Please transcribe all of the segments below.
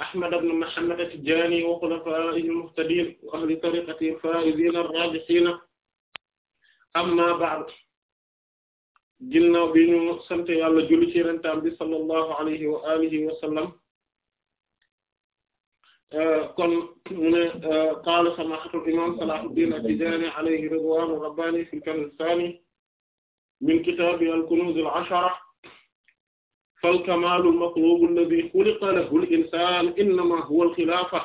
Ahmad ibn Muhammad at-Tijaani wa khulafaa'ihi al-muhtadiin wa ahli tariiqatihi al-faa'iziin ar-raabihiin amma ba'd ginnaaw bi ñu sant yàlla julli ci Yonent bi sallallahu alayhi wa alihi wa sallam kon mu ne qaala samaahatul imaam Salaahuddin at-Tijaani alayhi ridwaanu rabbaani fil kanz ath-thaani min kitaabihi al-kunuuz al-ashara fal kamaalul matluubu allazii xuliqa lahu al insaan innamaa huwa al xilaafa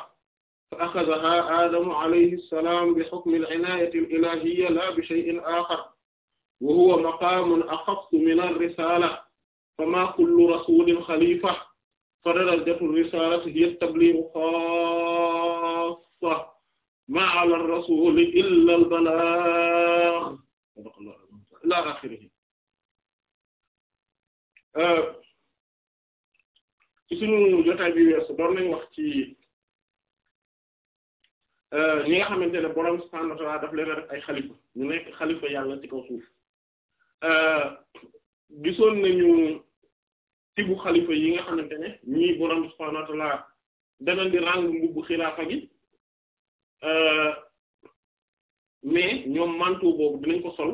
fa axadahaa aadamu alayhi salaam bi xukmi al inaayati al ilaahiyya laa bi shay'in aaxar wa huwa maqaamun axaffu min ar risaala famaa kullu rasuulin xaliifa fa darajatu risaalati hiya at-tabliigu xaassa maa ala rasuuli illaa al balaag ilaa aaxirihi ci suñu jotaay bi weesu doon nañ wax ci euh, ñi nga xamante ne borom subhaanahu daf leen a ay xalifa ñu nekk xalifa yàlla ci kaw suuf euh, gisoon nañu tibu xalifa yi nga xamante ne ñii borom subhaanahu wa ta'aala danañ xilaafa gi euh, mais ñoom manteau boobu dinañ ko sol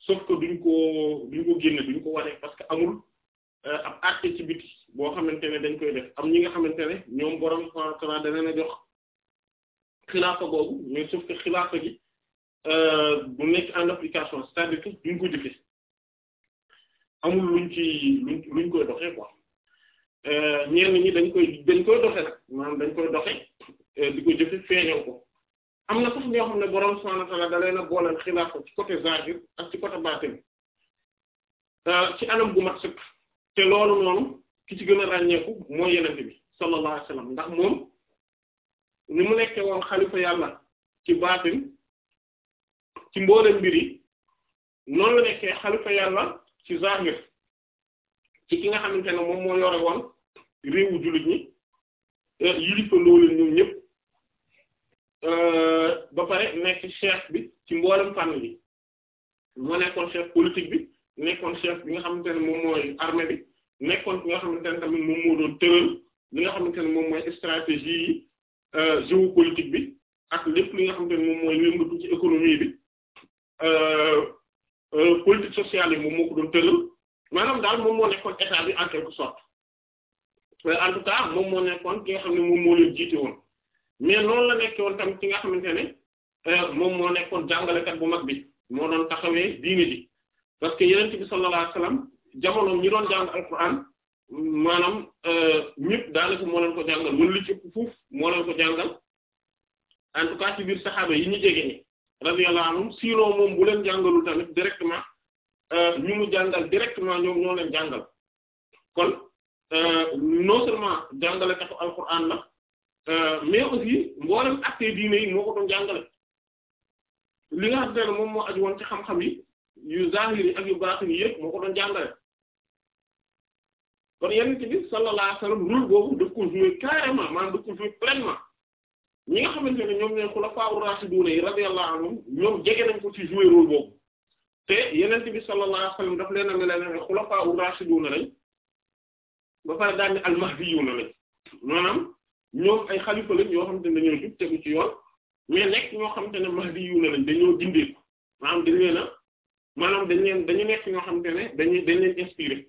sauf que duñ ko duñ ko génne duñ ko wane parce amul ab àtte ci biti boo xamante ne dañ koy def am ñi nga xamante ne ñoom boroom subhaanahu wa ta'aala dana na jox xilaafa boobu mais sauf euh, ko jëfe amul euh, ñi dañ koy dañ koy doxe nag dañ koy doxe euh, di ko jëfe na sax ñoo xam ne borom subhaanahu da leen a booleel xilaafa ci côté zahir ak ci côté baatin ci anam gu mat sëkk te loolu noonu. ki ci gën a ràññeeku moo yenente bi sallallahu alayhi wasallam ndax moom ni mu nekkee woon xalifa yàlla ci baatin ci mboolem mbir yi noonu nekkee xalifa yàlla ci zahir ci ki nga xamante ne moom moo yore woon réewu jullit ñi euh, yilifa loolu ñoom ñëpp euh, ba pare nekk chef bi ci mboolem fànn bi moo nekkoon chef politique bi nekkoon chef bi nga xamante ne moom mooy armée bi nekkoon ki nga xamante ne tamit moom moo doon tëral li nga xamante ne moom mooy stratégie yi euh, géopolitique bi ak lépp li nga xamante ne mooy yëngatu ci économie bi euh, euh, politique sociale yi moom moo ko doon tëral maanaam daal moom moo nekkoon état bi en quelque sorte en tout cas moom moo nekkoon ki nga xam ne moom moo leen jiite woon mais noonu la nekkee woon tamit ki nga xamante ne moom moo nekkoon jàngalekat bu mag bi moo doon taxawee diine ji parce que yeneen bi sallallahu alayhi jamono ñi doon jàng alquran maanaam euh, ñëpp daanaka moo leen ko jàngal wala li ci fuuf moo leen ko jàngal en tout cas ci saxaaba yi ñu jege ni radiyallahu anhum sinon moom bu leen jàngalul tamit directement euh, ñu mu jàngal directement ñoom ñoo leen jàngal kon euh, non seulement jàngale taxu alquran la mais aussi mboolem actes diine yi moo ko doon jàngale li nga xam ne moom moo aju woon ci xam yi yu zahiri ak yu baax yi yëpp moo ko doon jàngale kon yonent bi sallallahu alayhi wasallam rôle boobu daf ko jouer carrément maanaam ñi nga xamante ne ñoom ñooy xulafaa ur-raashidun yi radiyallahu anhum ñoom jege nañ ko ci jouer rôle boobu te yonent bi daf leen a mel ne xulafaa ur-raashidun lañ ba pare daal ne al-mahdiyun lañ maanaam ñoom ay xalifa lañ yoo xamante ne dañoo jub tegu ci yoon mais ñoo xamante ne mahdiyun lañ dañoo dindee maanaam dañ leen a maanaam dañ leen dañu nekk ñoo xamante ne dañuy dañ leen inspiré.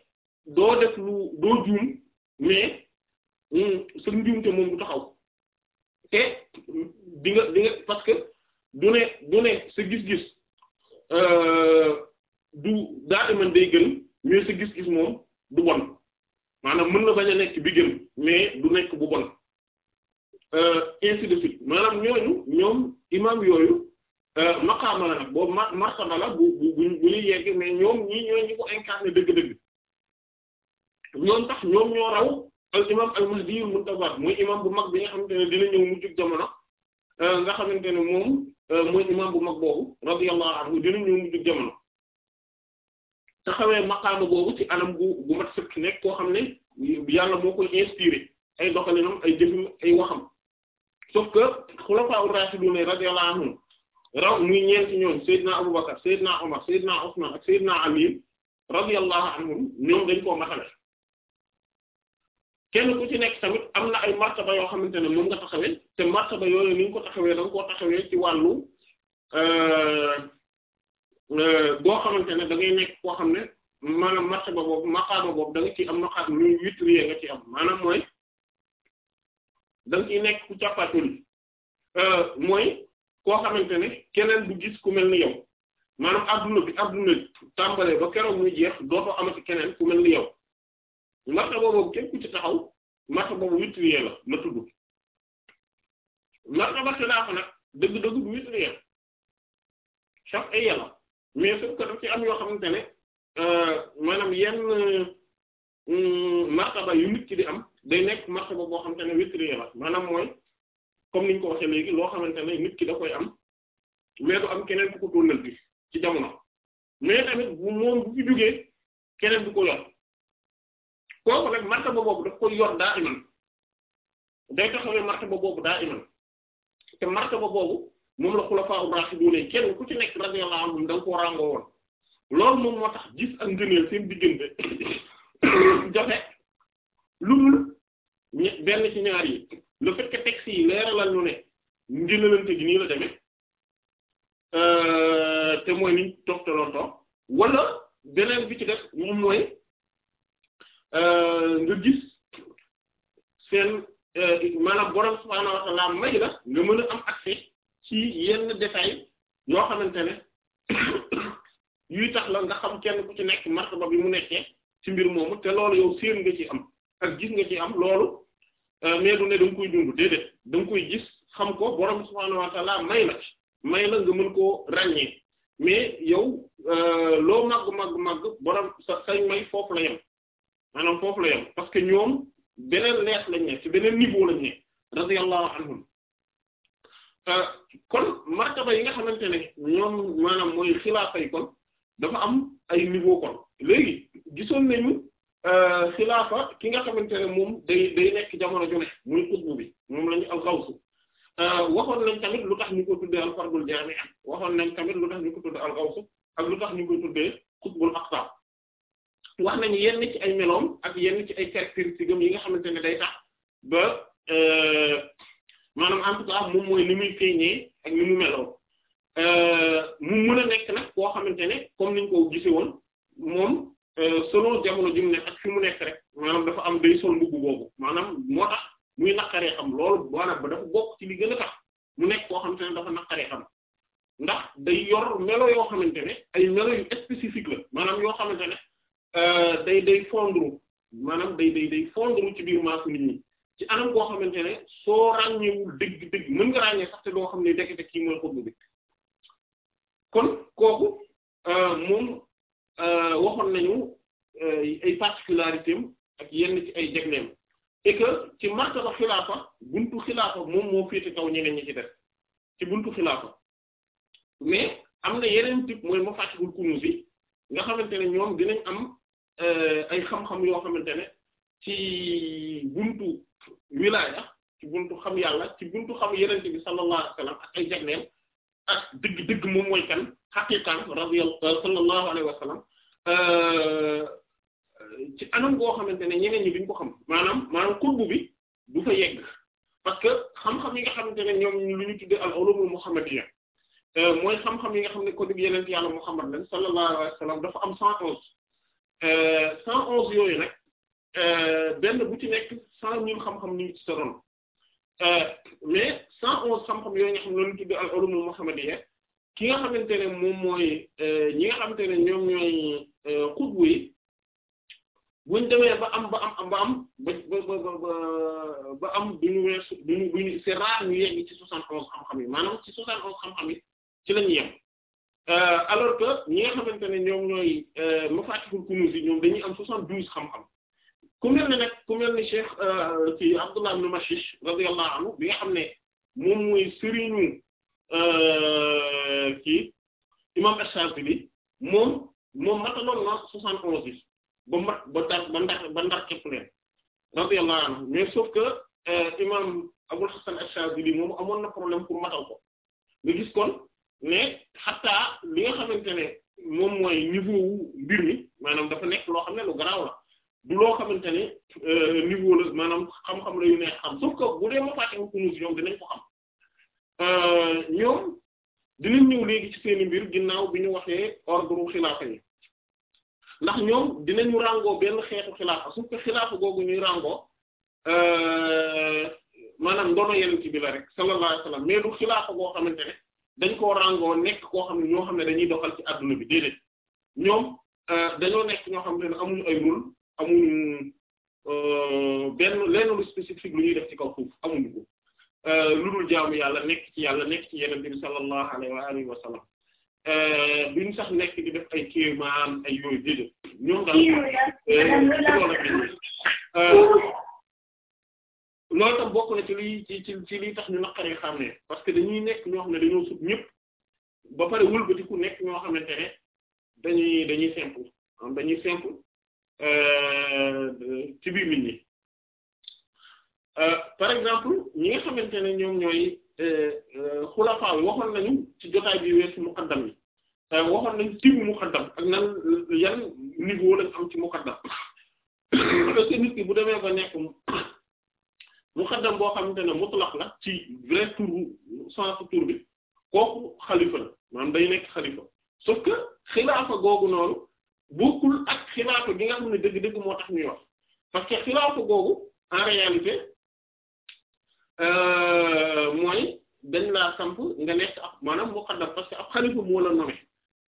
doo def lu doo juum mais mm, sa njuumte moom du taxaw te di nga di parce que du ne du ne sa gis-gis euh, du daa man day gën mais sa gis-gis moom du bon maanaam mën na bañ a nekk bi gën mais du nekk bu bon euh, ainsi de suite maanaam ñooñu ñoom imam yooyu euh, maqaama la nag boobu martaba la bu bu bu ñuy yegg mais ñoom ñii ñooy ñi ko incarné dëgg-dëgg ñoom tax ñoom ñoo raw al imam al mahdi muntazar muy imam bu mag bi nga xamante ne dina ñëw mujj jamono euh, nga xamante ne moom euh, mooy imam bu mag boobu radiyallahu anhu dina ñëw mujj jamono te xawee maqaama boobu ci anam gu mat sëkk nekk koo xam ne yàlla moo koy inspiré ay doxalinam ay jëfum ay waxam sauf que xulafaa ur-rashidun radiyallahu anhum raw muy ñeenti ñoom Seydina Abubakar Seydina Omar Seydina Usman ak Seydina Ali radiyallahu anhum ñoom dañ koo matale kenn ku ci nekk tamit am na ay martaba yoo xamante ne moom nga taxawee te martaba yooyu ni nga ko taxawee da nga koo taxawee ci wàllu euh, euh, boo xamante ne dangay nekk koo xam ne maanaam martaba boobu maqaama boobu da nga ciy am maqaam lu witrier nga ci am maanaam mooy da ci ciy nekk ku càppaatuli euh, mooy koo xamante ne keneen bu gis ku mel ni yow maanaam adduna bi adduna tàmbalee ba keroog muy jeex dootoo amati keneen ku mel ni yow martaba boobu képp ku ci taxaw martaba bu witriyee la la tudd martaba xilaafa nag dëgg-dëgg bu witriyee chaque ay yàlla mais sauf que daf ci am yoo xamante ne euh, maanaam yenn mm, martaba yu nit ki di am day nekk martaba boo xamante ne witriyee la maanaam mooy comme niñ ko waxee léegi loo xamante ne nit ki da koy am mais du am keneen ku ko tóonal bi ci jamono mais tamit bu moom bu fi jógee keneen du ko yor kooku nag martaba boobu daf koy yor daa iman day taxawee martaba boobu daa iman te martaba boobu moom la xulafaa ur-raashidun kenn ku ci nekk radiyallahu anhum da nga koo ràngoo woon loolu moom moo tax gis ak ngëneel seen diggante joxe lu dul benn ci ñaar yi le fait que texte yi leeralal ñu ne ngëneelante gi nii la demee euh, te mooy niñ toog te wala beneen bi ci def moom mooy. Euh, nga gis seen euh, maanaam borom subhaanahu wa ta'aala may la nga mën a am accès ci yenn détails yoo xamante ne yuy tax la nga xam kenn ku ci nekk martaba bi mu nekkee ci mbir moomu te loolu yow séen nga ci am ak gis nga ci am loolu euh, mais du ne da nga koy dund déedéet da nga koy gis xam ko borom subhaanahu wa may la may la nga mën koo ràññee mais yow loo màgg màgg màgg borom sa sañ may foofu la yem maanaam foofu la yem parce que ñoom beneen lees lañ nekk ci beneen niveau lañ nekk radiyallahu anhum euh, kon martaba yi nga xamante ne ñoom maanaam mooy xilaafa yi kon dafa am ay niveau kon léegi gisoon nañu euh, xilaafa ki nga xamante ne moom day day nekk jamono ju ne muy xutbu bi moom la ak al-Gawsu euh, waxoon nañ tamit lu tax ñu ko tuddee al-Fardul Jaami' waxoon nañ tamit lu tax ñu ko tuddee al-Gawsu ak lu tax ñu ko tuddee xutbul Aqtab wax nañu yenn ci ay meloom ak yenn ci ay caractéristiques am yi nga xamante ne day tax ba euh, maanaam en tout cas moom mooy ni muy feeñee ak ni mu meloo euh, mu mën a nekk na koo xamante ne comme niñ ko gisee woon moom euh, selon jamono ji mu nekk ak rek maanaam dafa am day sol mbubb boobu maanaam moo tax muy naqaree xam loolu maanaam ba dafa bokk ci li gën a tax mu nekk koo xamante dafa naqaree xam ndax day yor melo yoo xamante ne ay melo yu spécifique la maanaam yoo xamante ne Euh, day day fondre maanaam day day day fondre ci biir masse nit ñi ci anam koo xamante ne soo ràññewul dëgg-dëgg mën nga ràññee sax te doo xam ne dekete kii mooy xutba bi kon kooku euh, moom euh, waxoon nañu ay particularités am ak yenn ci ay jagleem et que ci martaba xilaafa buntu xilaafa moom moo féete kaw ñeneen ñi ci def ci buntu xilaafa mais am na yeneen type mooy ma fàccagul kunuus yi nga xamante ne ñoom dinañ am Euh, ay xam-xam yoo xamante ne ci buntu wilaaya ci buntu xam yàlla ci buntu xam yenente bi sallallahu alayhi wasallam ak ay jagleel ak dëgg-dëgg moom mooy kan xaqiqan radiyallahu euh, sallallahu alayhi wasallam euh, ci anam goo xamante ne ñeneen ñi duñ ko xam maanaam maanaam kurbu bi du fa yegg parce que xam-xam yi nga xamante ne ñoom lu ñu tuddee al ulumul muhammadiyya mooy xam-xam yi nga xam ne ko dëgg yeneen yàlla muhammad lañ sallallahu alayhi wasallam dafa am cent onze Euh, cent onze yooyu nag euh, benn bu ci nekk cent mille xam-xam ñu ngi ci soroon euh, mais cent onze xam-xam yooyu nga xam ne lu tudd al ulum muhammadiyya ki nga xamante ne moom mooy ñi nga xamante ne ñoom ñooy xutbu yi buñ demee ba am ba am ba am ba ba ba am duñu weesu duñu duñu c'est rare ñu ci soixante onze xam-xam yi maanaam ci soixante onze xam-xam yi ci lañu yem Euh, alors que ñi nga xamante ne ñoom ñooy euh, mafatihul kunuz yi ñoom dañuy am soixante-douze xam-xam ku mel ne nag ku mel ni cheikh ci euh, Abdullah bi nga xam ne moom mooy sëriñu kii imam Ash-Shazili moom moom mataloon na soixante-onze yi ba mat ba dar ba ndax ba ndax képp leen radiyallahu anhu mais sauf que imam Abul Hasan ash moom amoon na problème pour matal ko nga gis kon mais xatta li nga xamante ne moom mooy niveau wu mbir mi maanaam dafa nekk loo xam ne lu garaaw la du loo xamante ne euh, niveau la maanaam xam-xam la yu neex xam sauf que bu dee xam euh, ñoom dinañ ñëw léegi ci seeni mbir ginnaaw bi ñu waxee ordre xilaafa yi ndax ñoom dinañu ràngoo benn xeetu xilaafa sauf que googu ñuy ràngoo euh, maanaam ndono yenent bi la rek sallallahu alayhi wasallam mais du xilaafa goo xamante ne dañ koo ràngoo nekk koo xam ne ñoo xam ne dañuy doxal ci adduna bi déedéet ñoom euh, dañoo nekk ñoo xam ne amuñu ay rôle amuñu euh, benn lenn lu def ci kaw suuf amuñu ko euh, lu dul jaamu yàlla nekk ci yàlla nekk ci yeneen bi sallallahu alayhi wa alihi wa sax nekk di def ay kéemaan ay yooyu déedéet ñoom daal loolu loolu tam bokk na ci li ci ci ci liy tax ñu naqaree xàmmee parce que dañuy nekk ñoo xam ne dañoo sut ñëpp ba pare wëlbatiku nekk ñoo xamante ne dañuy dañuy dañuy simple euh, ci biir nit ñi euh, par exemple ñi nga xamante ne ñoom ñooy euh, xulafaa yi waxoon nañu ci jotaay bi weesu muqaddam yi waxoon nañu tibu muqaddam ak nan yan niveau lañ am ci muqaddam parce que nit bu demee ba nekk muqaddam boo xamante ne mutlaq la ci vrai tour sens tour bi kooku xalifa la maanaam day nekk xalifa sauf que xilaafa googu noonu bokkul ak xilaafa gi nga xam ne dëgg-dëgg moo tax ñuy wax parce que xilaafa googu en réalité euh, mooy dañ laa samp nga nekk ab maanaam muqaddam parce que ab xalifa moo la nommé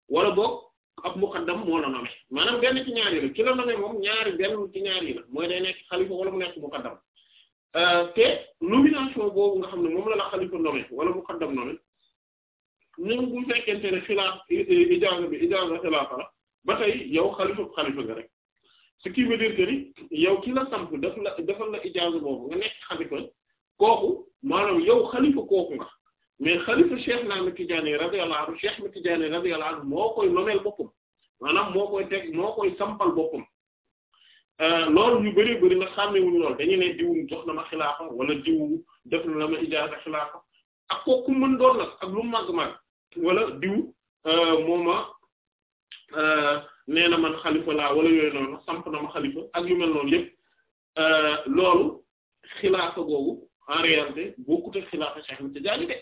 wala boog ab muqaddam moo la nommé maanaam benn ci ñaari la ki la nommé moom ñaari benn ci ñaari la mooy day nekk xalifa wala mu nekk muqaddam Euh, te nomination boobu nga xam ne moom la la xalifa nommé wala muqaddam nommé ñun bu fekkente ne xilaaf ijaaza bi ijaaza xilaafa la ba tey yow xalifa xalifa nga rek ce qui veut dire yow ki la samp daf la defal la ijaaza boobu nga nekk xalifa kooku maanaam yow xalifa kooku nga mais xalifa Cheikh na Ahmed Tidiane radiyallahu anhu Cheikh Ahmed Tidiane radiyallahu anhu moo koy nomeel boppam maanaam moo koy teg moo koy sampal boppam Euh, loolu yu bëri bëri nag xàmmewuñu loolu dañu ne diw jox na ma xilaafa wala diw def na ma ijaaza xilaafa ak kooku mën doon nag ak lu màgg màgg wala diw euh, mooma euh, nee na man xalifa laa wala yooyu noonu samp na ma xalifa ak yu mel noonu yëpp loolu xilaafa googu en réalité bokkut ak xilaafa Cheikh Ahmed Tidiane de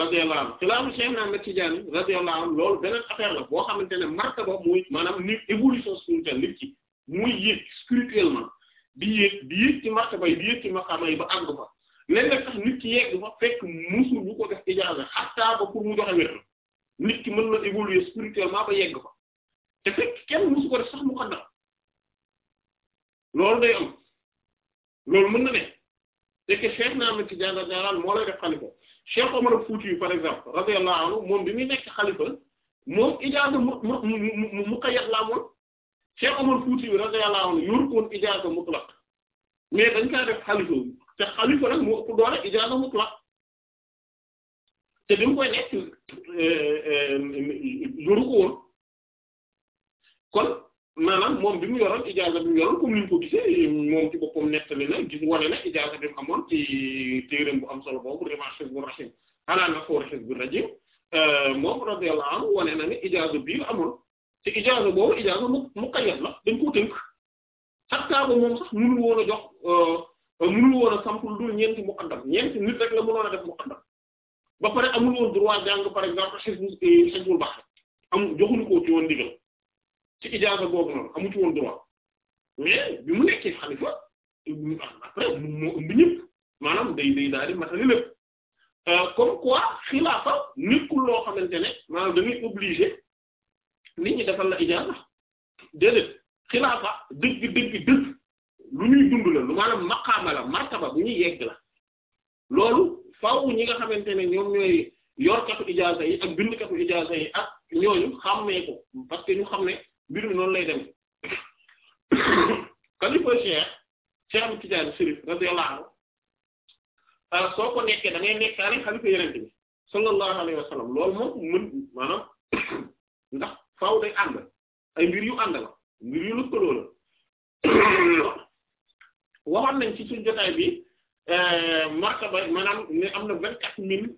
radiyallahu anhu xilaafa Cheikh Ahmed Tidiane radiyallahu anhu loolu beneen affaire la boo xamante ne martaba mooy maanaam ni évolution spirituelle nit ci muy yéeg spirituellement di yéeg di yéeg ci martaba yi di yéeg ci maqaama yi ba àgg fa léeg-léeg sax nit ki yegg fa fekk musu bu ko def ijaaza xattaa ba pour mu joxe wér nit ki mën na évoluer spirituellement ba yegg fa te fekk kenn musu ko def sax mu xaddam loolu day am loolu mën na ne te que Cheikh naa ma ci jàngal jaaral moo lay def xalifa Cheikh Omar Fouti yu par exemple radiyallahu anhu moom bi muy nekk xalifa moom ijaaza mu mu mu mu mu mu mu mu Cheikh Omar Fouti bi radiyallahu anhu yor koon ijaaza mutlaq mais dañ kaa def xalifa te xalifa nag moo ëpp doole ijaaza mutlaq te bi mu koy nekk yoru euh, euh, ko kon maanaam moom bi mu yoroon ijaaza bi mu yoroon ci boppam nettali na gis na ijaaza bi mu amoon ci téereem bu am solo boobu Rimaah Hizbur Rahim ala Nafhur Hizbur Rajim euh, moom radiyallahu anhu wane na ne ijaaza bii amoon te ijaaza boobu ijaaza mu muqayyad la dañ koo tënk xattaa ba moom sax mënul woon a jox euh, mënul woon a samp lu dul ñeenti muqaddam ñeenti nit rek la mënoon a def muqaddam ba pare amul woon droit jàng par exemple xisbu euh, xisbul baax am joxuñu ko ci woon ndigal ci ijaaza boobu noonu amu ci woon droit mais bi mu nekkee xalifa après moo ëmb ñëpp maanaam day day daal di matali lépp euh, comme quoi xilaafa nekkul loo xamante ne maanaam da ngay obligé. nit ñi defal la ijaasa déedéet xilaafa dëgg dëgg dëgg lu ñuy dund la lu maanaam maqaama la martaba bu ñuy yegg la loolu faaw ñi nga xamante ne ñoom ñooy yorkatu ijaasa yi ak bindkatu ijaasa yi ak ñooñu xàmmee ko parce ñu xam ne mbir mi noonu lay dem kalifa Cheikh Cheikh Tidiane Chérif radiyallahu anhu ah soo ko nekkee da ngay nekk daanaka bi sallallahu alayhi wa loolu moom mën maanaam ndax faaw day ànd ay mbir yu ànd la mbir yu lëkkaloo la waxoon nañ ci suñu jotaay bi euh, martaba maanaam ne am na vingt quatre mille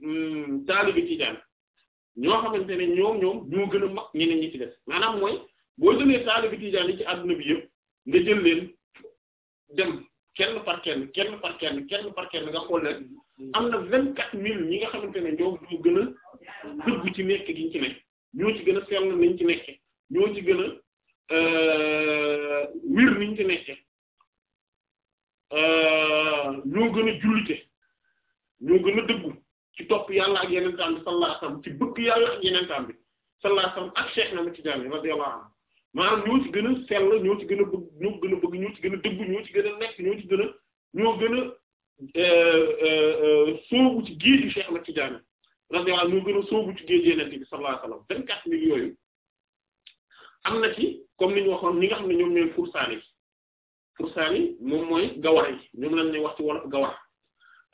hmm, bi tijaan ñoo xamante ne ñoom ñoom ñoo gën a mag ñeneen ñi ci des maanaam mooy boo jëlee taalibe tijaan yi ci àdduna bi yëpp nga jël leen dem kenn par kenn kenn par kenn kenn par nga xool am na vingt quatre mille ñi nga xamante ne ñoom ñoo gën a dëgg ci nekk gi ñu ci nekk ñoo ci gën a sell niñ ci nekke ñoo ci gën a euh, wir niñ ci nekke euh, ñoo gën a jullite ñoo gën a dëggu ci topp yàlla ak yeneen taam bi sallallahu ci bëgg yàlla ak yeneen taam bi sallallahu alayhi wasallam ak Cheikh na ma ci jànni radiyallahu maanaam ñoo ci gën a sell ñoo ci gën a bëgg ñoo gën a bëgg ñoo ci gën a dëggu ñoo ci gën a nekk ñoo ci gën a ñoo gën a euh, soobu ci géeju Cheikh na ci jànni radiyallahu anhu gën a sóobu ci géej yeneen bi sallallahu alayhi wasallam vingt-quatre mille yooyu am na ci comme ni ñu waxoon ñi nga xam ne ñoom ñooy fursaani fursaani moom mooy gawar yi ñoom lañ wax ci wolof gawar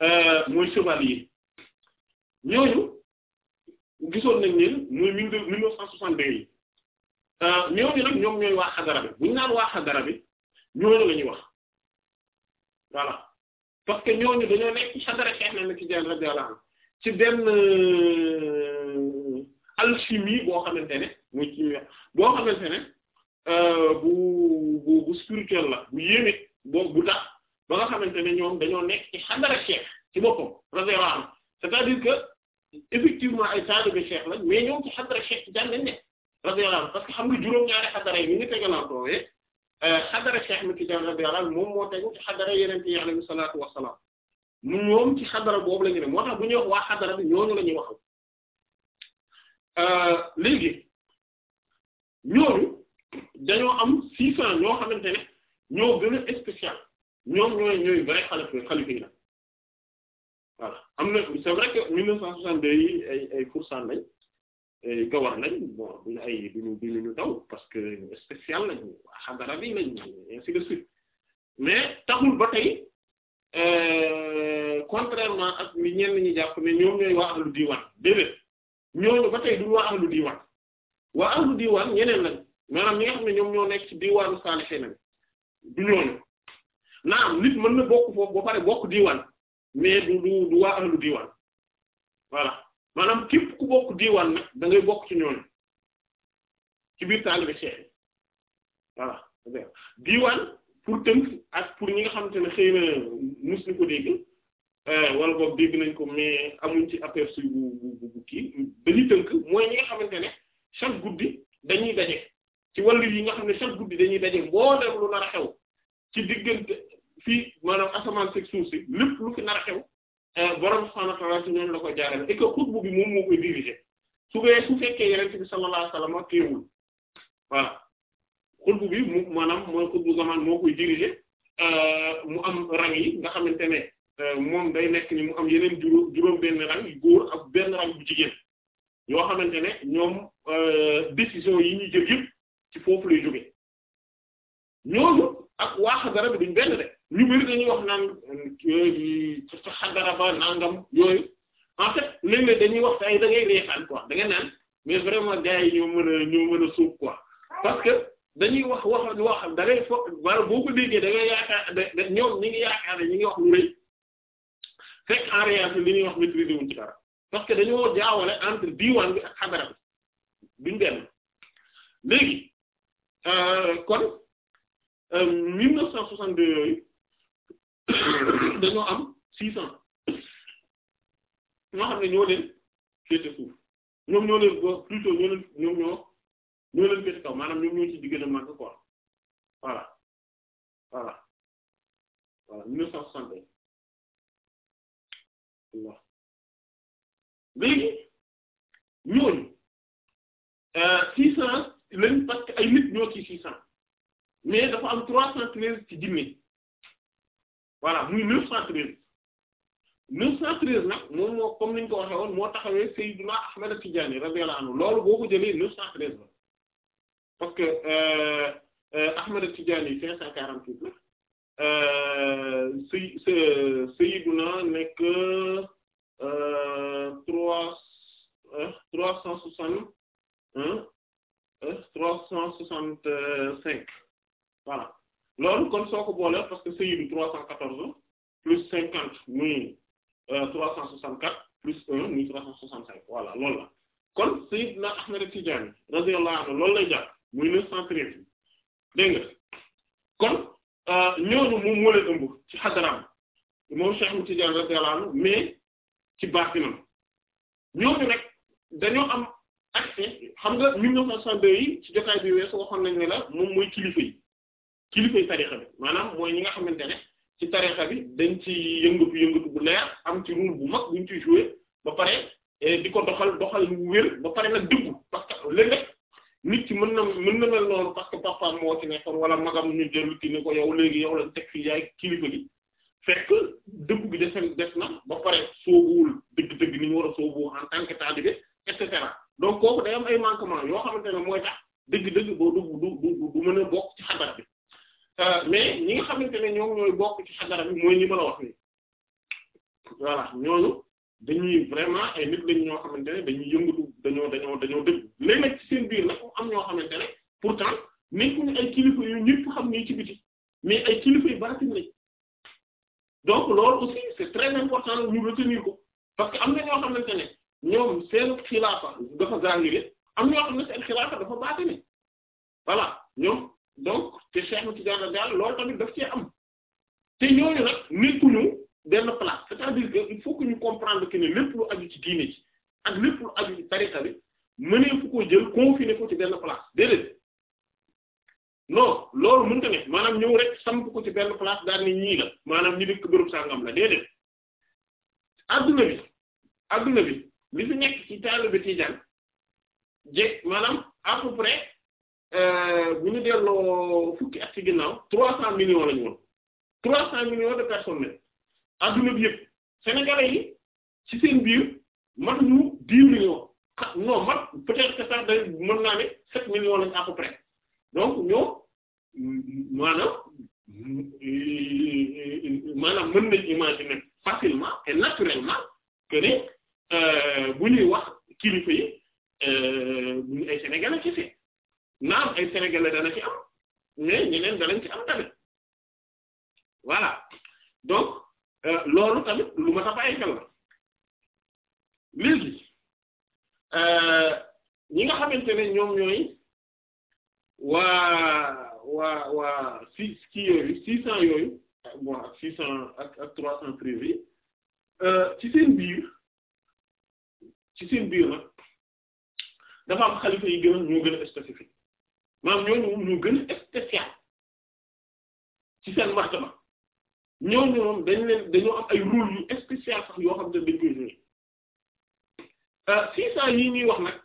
euh, mooy yi ñooñu gisoon nañ leen mooy mille mille neuf cent soixante-deux yi euh, ñooñu nag ñoom ñooy waa xadara bi bu naan waa xadara bi ñooñu la ñuy wax voilà parce que ñooñu dañoo nekk xadara xeex na ci jaan radiyallahu anhu ci benn euh, alchimie boo xamante ne muy chimie boo xamante ne euh, bu bu bu spirituel la bu yéeme boo bu tax ba nga xamante ne ñoom dañoo nekk ci xandara cheikh ci boppam radiyallahu anhu c'est-à-dire que effectivement ay taalibe cheikh lañ mais ñoom ci xandara cheikh ci jàng lañ nekk radiyallahu anhu parce que xam nga juróom-ñaari xandara yi ñu ngi tegalantoowe euh, xandara cheikh mi ci jàng radiyallahu anhu moom moo tegu ci xandara yeneen yi alayhi salaatu wassalaam mu ñoom ci xadara boobu la ñu ne moo tax bu wax waa xadara bi ñooñu la ñuy waxal euh, léegi ñooñu dañoo am six cent ñoo xamante ne ñoo gën a ñoom ñooy ñooy vrai xalifa yi la am na c'est vrai que mille neuf cent deux yi ay ay fursan lañ ay gawar nañ bon duñu ay duñu duñu ñu taw parce que spécial lañ waa xadara bi lañ ainsi de suite mais taxul ba tey Euh, contrairement ak ñi ñenn ñi jàpp ne ñoom ñooy waa diiwaan déedéet ñooñu ba tey duñu waa ahlu diiwaan waa ahlu diiwaan ñeneen lañ maanaam ñi nga xam ne ñoom ñoo nekk ci diiwaanu saalihiina du ñooñu naam nit mën na bokk foofu ba pare bokk diiwaan mais du du du waa diiwaan voilà maanaam képp ku bokk diiwaan nag da bokk ci ñooñu ci biir taalibe Cheikh voilà diiwaan pour tënk ak pour ñi nga xamante ne xëy na mus ñu ko dégg euh, wala boog dégg nañ ko mais amuñ ci aperçu bu bu bu kii dañuy tënk mooy ñi nga xamante chaque guddi dañuy daje ci wàllu yi nga xam ne chaque guddi dañuy daje mboolem lu nar xew ci diggante fii maanaam asamaan seeg suuf lépp lu fi nar xew euh, borom subhaanahu ci ñoom la ko jaarale et que xutbu bi moom moo koy diriger su fekkee su fekkee yonent bi sallallaahu alayhi wa sallam xutbu bi mu maanaam mooy xutbu zaman moo koy diriger euh, mu am rang yi nga xamante ne euh, moom day nekk ni mu am yeneen juróom juróom benn rang yu góor ak benn rang bu jigéen yoo xamante ne ñoom euh, décision yi ñuy jël ci foofu lay jóge ñooñu ak waa xadara bi duñ benn de ñu bari dañuy wax naan sa xadara ba nangam yooyu en fait léeg-léeg dañuy wax te ay da ngay reetaan da ngay naan mais vraiment gars yi ñoo mën a ñoo mën a suuf quoi dañuy wax wax loo xam da ngay fo wala boo yaakaar da ñoom ñi ngi yaakaar ne ñi ngi wax lu rëy fekk en réalité li ñuy wax maîtriser wuñ ci dara parce que dañoo jaawale entre diwaan bi ak xadara duñ benn léegi euh, kon 1962 euh, yooyu dañoo am 600 ñoo xam ne ñoo leen féete suuf ñoom ñoo leen plutôt ñoo leen ñoom ñoo. ñoo leen féete kaw maanaam ñoom ñoo ci diggante màgg quoi voilà voilà voilà 1961 waaw léegi ñooñu 600 euh, lañ parce que ay nit ñoo ci 600 mais dafa am 313 ci jinne voilà muy 913 913 nag moom moo comme ni ko waxee moo taxawee Seydina Ahmed Tidiane radiyallahu anhu loolu boo ko jëlee 913 la. parce que Ahmad Tidjani 548 la euh, Sey Seydina nekk euh, trois euh, trois cent soixante trois cent soixante cinq voilà loolu kon soo ko boolee parce que Seydou trois cent quatorze plus cinquante muy trois cent soixante quatre plus un muy trois cent soixante cinq voilà loolu la kon Seydina Ahmad Tidjani radiyallahu anhu loolu lay jàpp. muy neuf cent treize dégg nga kon euh, ñooñu moom moo leen ëmb ci xadaraam moom Cheikh ci Tidiane radiyallahu anhu mais ci baatinam ñooñu nag dañoo am accès xam nga ñu 1962 yi ci jotaay bi weesu waxoon nañ ne la moom mooy kilifa yi kilifa tarixa bi maanaam mooy ñi nga xamante ne ci tarixa bi dañ ci yëngatu yëngatu bu neex am ci rôle bu mag buñ ciy jouer ba pare eh, di ko doxal doxal wér ba pare nag dëggu parce que léeg nit ci mën na mën na mel noonu parce que papaam moo ci nekkoon wala magam ñu jël ci ni ko yow léegi yow la teg fi yaay kilifa gi fekk dëgg bi des des na ba pare soobuwul dëgg-dëgg ni ñu war a soobu en tant que taalibe et cetera donc kooku day am ay manquement yoo xamante ne mooy tax dëgg-dëgg boo du du du mën a bokk ci xadara bi euh, mais ñi nga xamante ne ñoom ñooy bokk ci xadara bi mooy ñi ma la wax nii voilà ñooñu dañuy vraiment ay nit lañ ñoo xamante ne dañuy yëngatu dañoo dañoo dañoo dëgg léeg nag ci seen biir nag am ñoo xamante ne pourtant nekkuñu ay kilifa yu ñëpp xam nii ci biti mais ay kilifa yu baatin lañ donc loolu aussi c'est très ñu retenir ko que am na ñoo xamante ne ñoom seen xilaafa dafa zahiri am ñoo xam ne seen xilaafa dafa baatini voilà ñoom donc te Cheikh Tidiane daal loolu tamit daf cee am te ñooñu nag nekkuñu. benn place c'est-à-dire que il faut que ñu comprendre que ne lépp lu aju ci diine ji ak lépp lu aju ci tarixa bi mënee ko jël confiner ko ci benn place déedéet non loolu mënta ne maanaam ñëw rek samp ko ci benn place daal ñii la maanaam ñu dëkk bërëb sàngam la déedéet adduna bi adduna bi li fi nekk ci taalibe Tijaan jég maanaam à peu près euh, bu ñu delloo fukki at ci ginnaaw trois cent millions lañu trois cent millions de personnes adduna bi yëpp sénégalais yi ci seen biir mat ñu diir li ñu wax mat peut-être day mën naa ne sept millions lañ à peu près donc ñoo maanaam mën nañ imaginer facilement et naturellement que ne euh, bu ñuy wax kilifa yi euh, bu ñu ay sénégalais ci si naam ay sénégalais dana ci am mais ñeneen danañ ci am tamit voilà donc Euh, loolu tamit lu ma ta bàyyi xel la léegi euh, ñi nga xamante ne ñoom ñooy waa waa waa six kii yooyu six cent yooyu euh, ak six cent ak trois cent privé ci seen biir ci seen biir nag dafa am yi gën a ñoo gën a spécifique maanaam ñooñu ñu gën a spécial ci seen martaba ñooñu moom dañ leen dañoo am ay rôle yu spécial sax yoo xam ne dañ koy jouer euh, six cent yii ñuy wax nag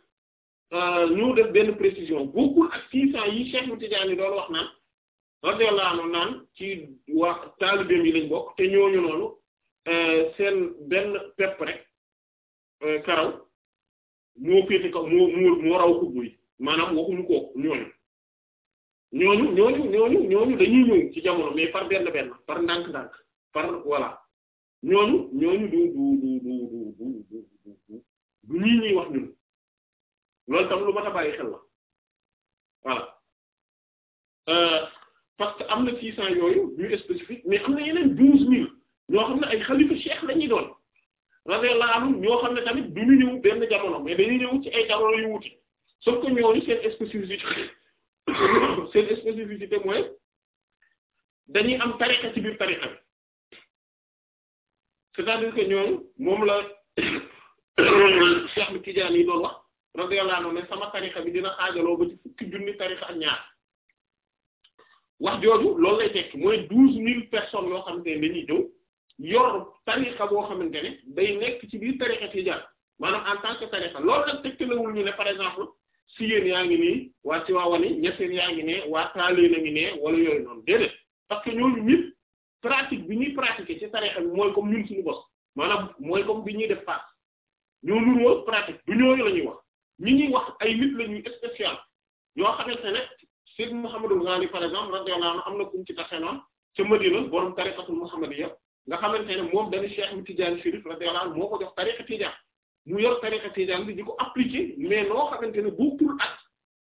euh, ñu def benn précision bokkul ak six cent yi Cheikh Tidiane doon wax naan radiyallahu anhu naan ci wax taalibeem yi lañ bokk te ñooñu noonu euh, seen benn pepp rek karaw moo féete kaw moo moo raw ko buy maanaam waxuñu ko ñooñu ñooñu ñooñu ñooñu dañuy ñëw ci jamono mais par benn benn par ndànk-ndànk par voilà ñooñu ñooñu du du du du du du du wax ñun loolu tam lu mat a bàyyi xel la voilà euh, parce que am na six cent yooyu ñu spécifique mais am na yeneen xam ne tamit du ñu ñëw benn jamono mais dañuy ñëw ci ay jamono yu wuti sauf que ñooñu seen spécificité seen spécificité mooy dañuy am tariqa ci biir tariqa bi c'est-à-dire que ñoom moom la Cheikh Tidiane yi doon wax radiyallahu anhu ne sama tariqa bi dina xaajaloo ba ci fukki junni tariqa ak ñaar wax jooju loolu lay tekk mooy douze mille personnes yoo xamante ne dañuy ñëw yor tariqa boo xamante ne day nekk ci biir tariqa Tidiane maanaam en tant que tariqa loolu nag tekkalewul ñu ne par exemple Siyeen yaa ngi nii waa Tivaouane Niassène yaa ngi ne waa Taaleen a ngi ne wala yooyu noonu déedéet parce que ñooñu ñëpp pratique bi ñuy pratiquer ci tarixa bi mooy comme ñun suñu bopp maanaam mooy comme bi ñuy def pass ñoo nuroo pratique du ñooñu la ñuy wax ñi ñuy wax ay nit la ñuy spécial yoo xamante ne Seydou Mouhamadou Ghali par exemple radiyallahu anhu am na kum ci taxe noonu ca Madina borom tariqatul Muhammadiyya nga xamante ne moom dañu Cheikh Tidiane Chérif radiyallahu anhu moo ko jox mu yor tariqa tijaan bi di ko appliquer mais noo xamante ne bokkul ak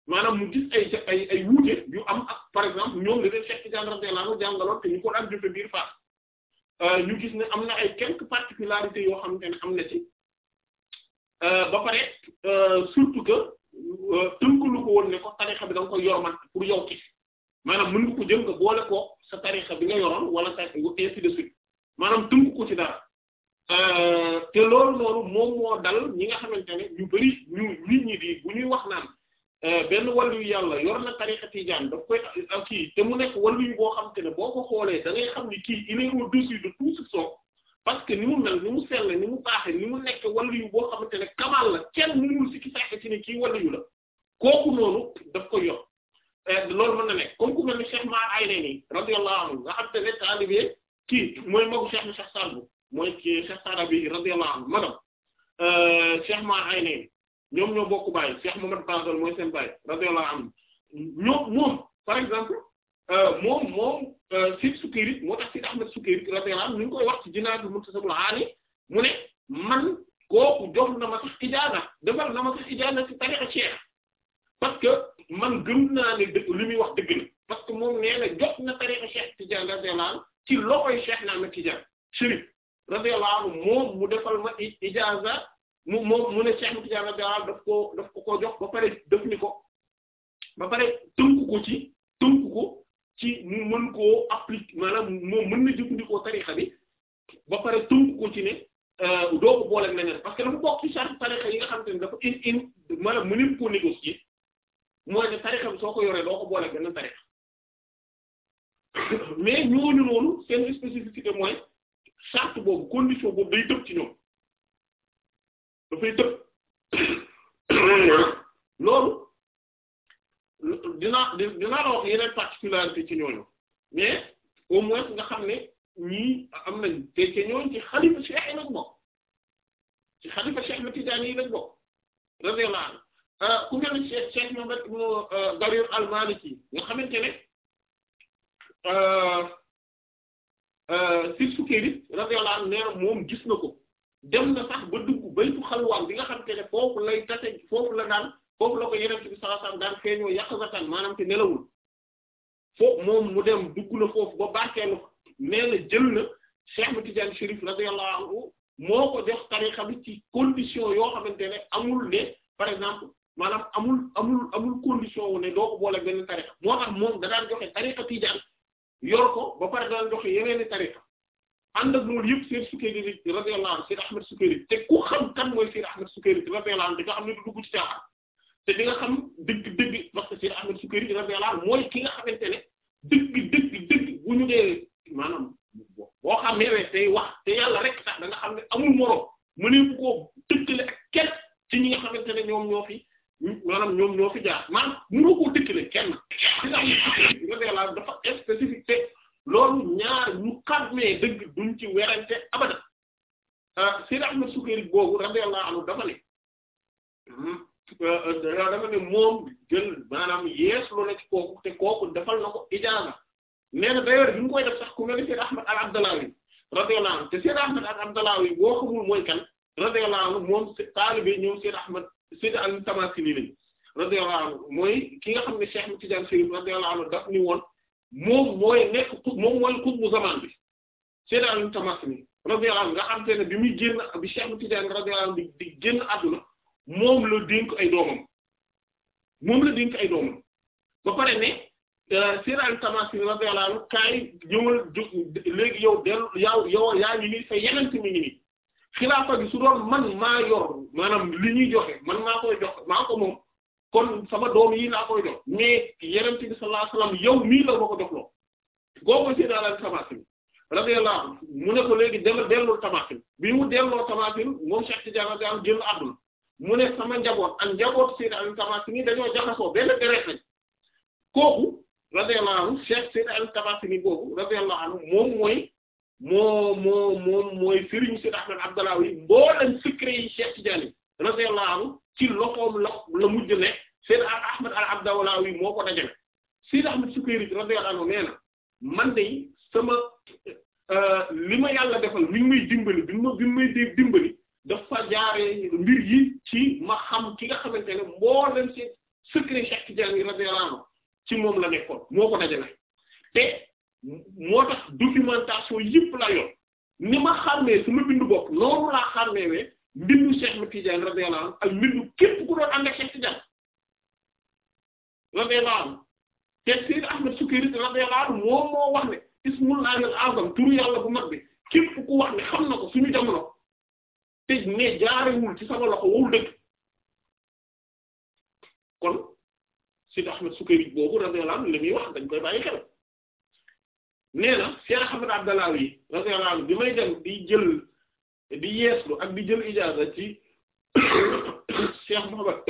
maanaam mu gis ay wuute yu am ak par exemple ñoom dañuy Cheikh Tidiane radiyallahu anhu jàngaloon te ñu ko daan jëfe biir Fass euh, ñu gis ne am na ay quelques particularités yoo xam ne am na ci euh, ba pare euh, surtout que tënkalu ko woon ne ko tariqa bi da nga koy yor pour yow ci maanaam mën nga ko jël nga boole ko sa tariqa bi nga yoroon wala sa ainsi de maanaam tënku ko ci dara. Euh, te loolu noonu moom moo dal ñi nga xamante ne ñu bari ñu nit ñi di bu ñuy wax naan euh, benn yu yàlla yor na tariqa tijaan daf koy kii te mu nekk wàllu yu boo xam ne boo ko xoolee da ngay xam ni kii il est au-dessus de tout soupçon parce que ni mu mel ni mu sell ni mu baaxe ni mu nekk wàllu yu boo xamante ne kamal la kenn mënul sikki sàkk ci ne kii wàllu yu la kooku noonu daf ko yor euh, loolu mën na nekk comme ku mel ni Cheikh Ma Ayni radiyallahu nga xam te ne taalibe kii mooy magu Cheikh Cheikh Sadbou mooy ci Cheikh Arabi radiyallahu anhu madam euh, Cheikh ma ay ne ñoom ñoo bokk baay Cheikh Mohammed Fadel mooy seen baay radiyallahu anhu ñoom moom par exemple euh, moom moom euh, Sid Sukayri moo tax Sid Ahmed Sukayri radiyallahu anhu ñu koy wax ci Jinaadul Muntasabul Aali mu ne man kooku jox na ma ijaana defal na ma ijaana ci tariqa parce que man gëm naa ne dëgg li muy wax dëgg la parce que moom nee na na tariqa Cheikh Tidiane radiyallahu ci loxoy Cheikh na Ahmed Tidiane Chérif radiyallahu anhu moom mu defal ma ijaaza mu moom mu ne Cheikh Ahmed Tidiane radiyallahu daf koo daf ko koo jox ba pare def ni ko ba pare tënku ko ci tënku ko ci mu mën koo appliquer maanaam moom mën na jëfandikoo tarixa bi ba pare ko ci ne euh, doo ko booleeg leneen dafa bokk ci charte tarixa yi nga xam te ne dafa in in maanaam mëneem koo négocier mooy ne tarixa bi soo ko yoree doo ko booleeg beneen tarixa mais ñooñu noonu seen spécificité mooy. charte boobu condition boobu day tëb ci ñoom dafay tëb loolu la wax yeneen particularité ci ñooñu mais au nga xam ne ñii am nañ te ci ñooñu ci xalifa Cheikh yi lañ ci xalifa Cheikh na Tijaani yi euh, ku mel ne Cheikh Cheikh Mohammed euh, Darir al-Maliki nga xamante ne euh, Euh, Sirsukéri radiyallahu anhu nee na moom gis na ko dem na sax ba dugg baytu xalwaan bi nga xam te ne foofu lay tase foofu la daan foofu la ko yeneen bi sallallahu alayhi wasallam daan feeñoo yaqzatan maanaam te nelawul foofu moom mu dem dugg na foofu ba barkeelu nee na jël na Cheikh Tidiane Chérif radiyallahu anhu moo ko jox tarixa bi ci condition yoo xamante ne amul ne par exemple maanaam amul amul amul condition wu ne doo ko boole benn tarixa moo tax moom da daan joxe tarixa yor ko ba pare daal joxe yeneen i tariqa ànd ak loolu yëpp Sayyid Sukayri radiyallahu anhu Sayyid Ahmad Sukayri te ku xam kan mooy Sayyid Ahmad Sukayri radiyallahu anhu di nga xam ne du dugg ci caaxaan te di nga xam dëgg-dëgg parce que Sayyid Ahmad Sukayri radiyallahu anhu mooy ki nga xamante ne dëgg dëgg dëgg bu ñu dee maanaam boo xam ne tey wax te yàlla rek tax da nga xam ne amul moroom mëneeku koo dëggale ak kenn ci ñi nga xamante ne ñoom ñoo fi. maanaam ñoom ñoo fi jaar maanaam mënoo koo dëkkale kenn radiyallahu dafa spécificité loolu euh, boobu radiyallahu anhu dafa ne hmm, euh, dafa ne moom jël maanaam yees lu nekk kooku te kooku defal na ko ijaaba nee na bi mu koy def sax ku mel ni Sayyid Ahmad al te Sayyid Ahmad al-Abdalawi boo xamul mooy kan radiyallahu moom taalibe ñoom Sayyid Ahmad Seydi Ali Tamasini lañ radiyallahu mooy ki nga xam ne Cheikh Tidiane Chérif radiyallahu anhu daf ni woon moom mooy nekk moom mooy xutbu zaman bi Seydi Ali Tamasini radiyallahu anhu nga xam te ne bi muy génn bi Cheikh Tidiane radiyallahu anhu di di génn àdduna moom la dénk ay doomam moom la dénk ay doomam ba pare ne. Euh, Siraan Tamasini radiyallahu anhu kaay ñëwal léegi yow dellu yow yaa ngi nii sa yeneen mi ngi nii xilaafa gi su doon man maa yor maanaam li ñuy joxe man maa koy jox maa ko moom kon sama doom yi laa koy jox mais yenente bi sallallahu alayhi wasallam yow mii la ma ko jox loo boo koy séedal ak Tamaasin radiyallahu mu ne ko léegi demal delloo Tamaasin bi mu delloo Tamaasin moom Cheikh Tidiane daal jël àdduna mu ne sama njaboot ak njaboot Seydi Ali Tamasini dañoo jaxasoo benn deret lañ kooku radiyallahu anhu Cheikh Seydi Ali Tamasini boobu radiyallahu anhu moom mooy moo moo moom mooy Serigne Sidi Ahmed Abdallawi mboolem secret yi Cheikh Tidiane radiyallahu anhu ci loxoom la la mujj ne Sidi Ahmed al Abdallawi moo ko dajale Sidi Ahmed Sukayri radiyallahu anhu nee man de sama euh, li ma yàlla defal mi ngi may dimbali bi ma bi may dee dimbali dafa jaaree mbir yi ci ma xam ki nga xamante ne mboolem ci secret Cheikh Tidiane radiyallahu anhu ci moom la nekkoon moo ko dajale te. moo tax documentation yëpp la yor ni ma xàmmee su ma bindu bopp loolu laa xàmmeewee mbindu Cheikh Tidiane radiyallahu anhu ak mbindu képp ku doon ànd ak Cheikh Tidiane te Seydi Ahmed Sukayri radiyallahu anhu moom wax ne ismullahi al-azam turu yàlla bu mag bi képp ku wax ne xam na ko suñu jamono te ne jaarewul ci sama loxo wowul dëgg kon Seydi Ahmed Sukayri boobu radiyallahu anhu li wax dañ koy bàyyi xel nee na Cheikh Ahmed Abdallah yi radiyallahu bi may dem di jël di yeeslu ak di jël ijaaza ci Cheikh Mouhammad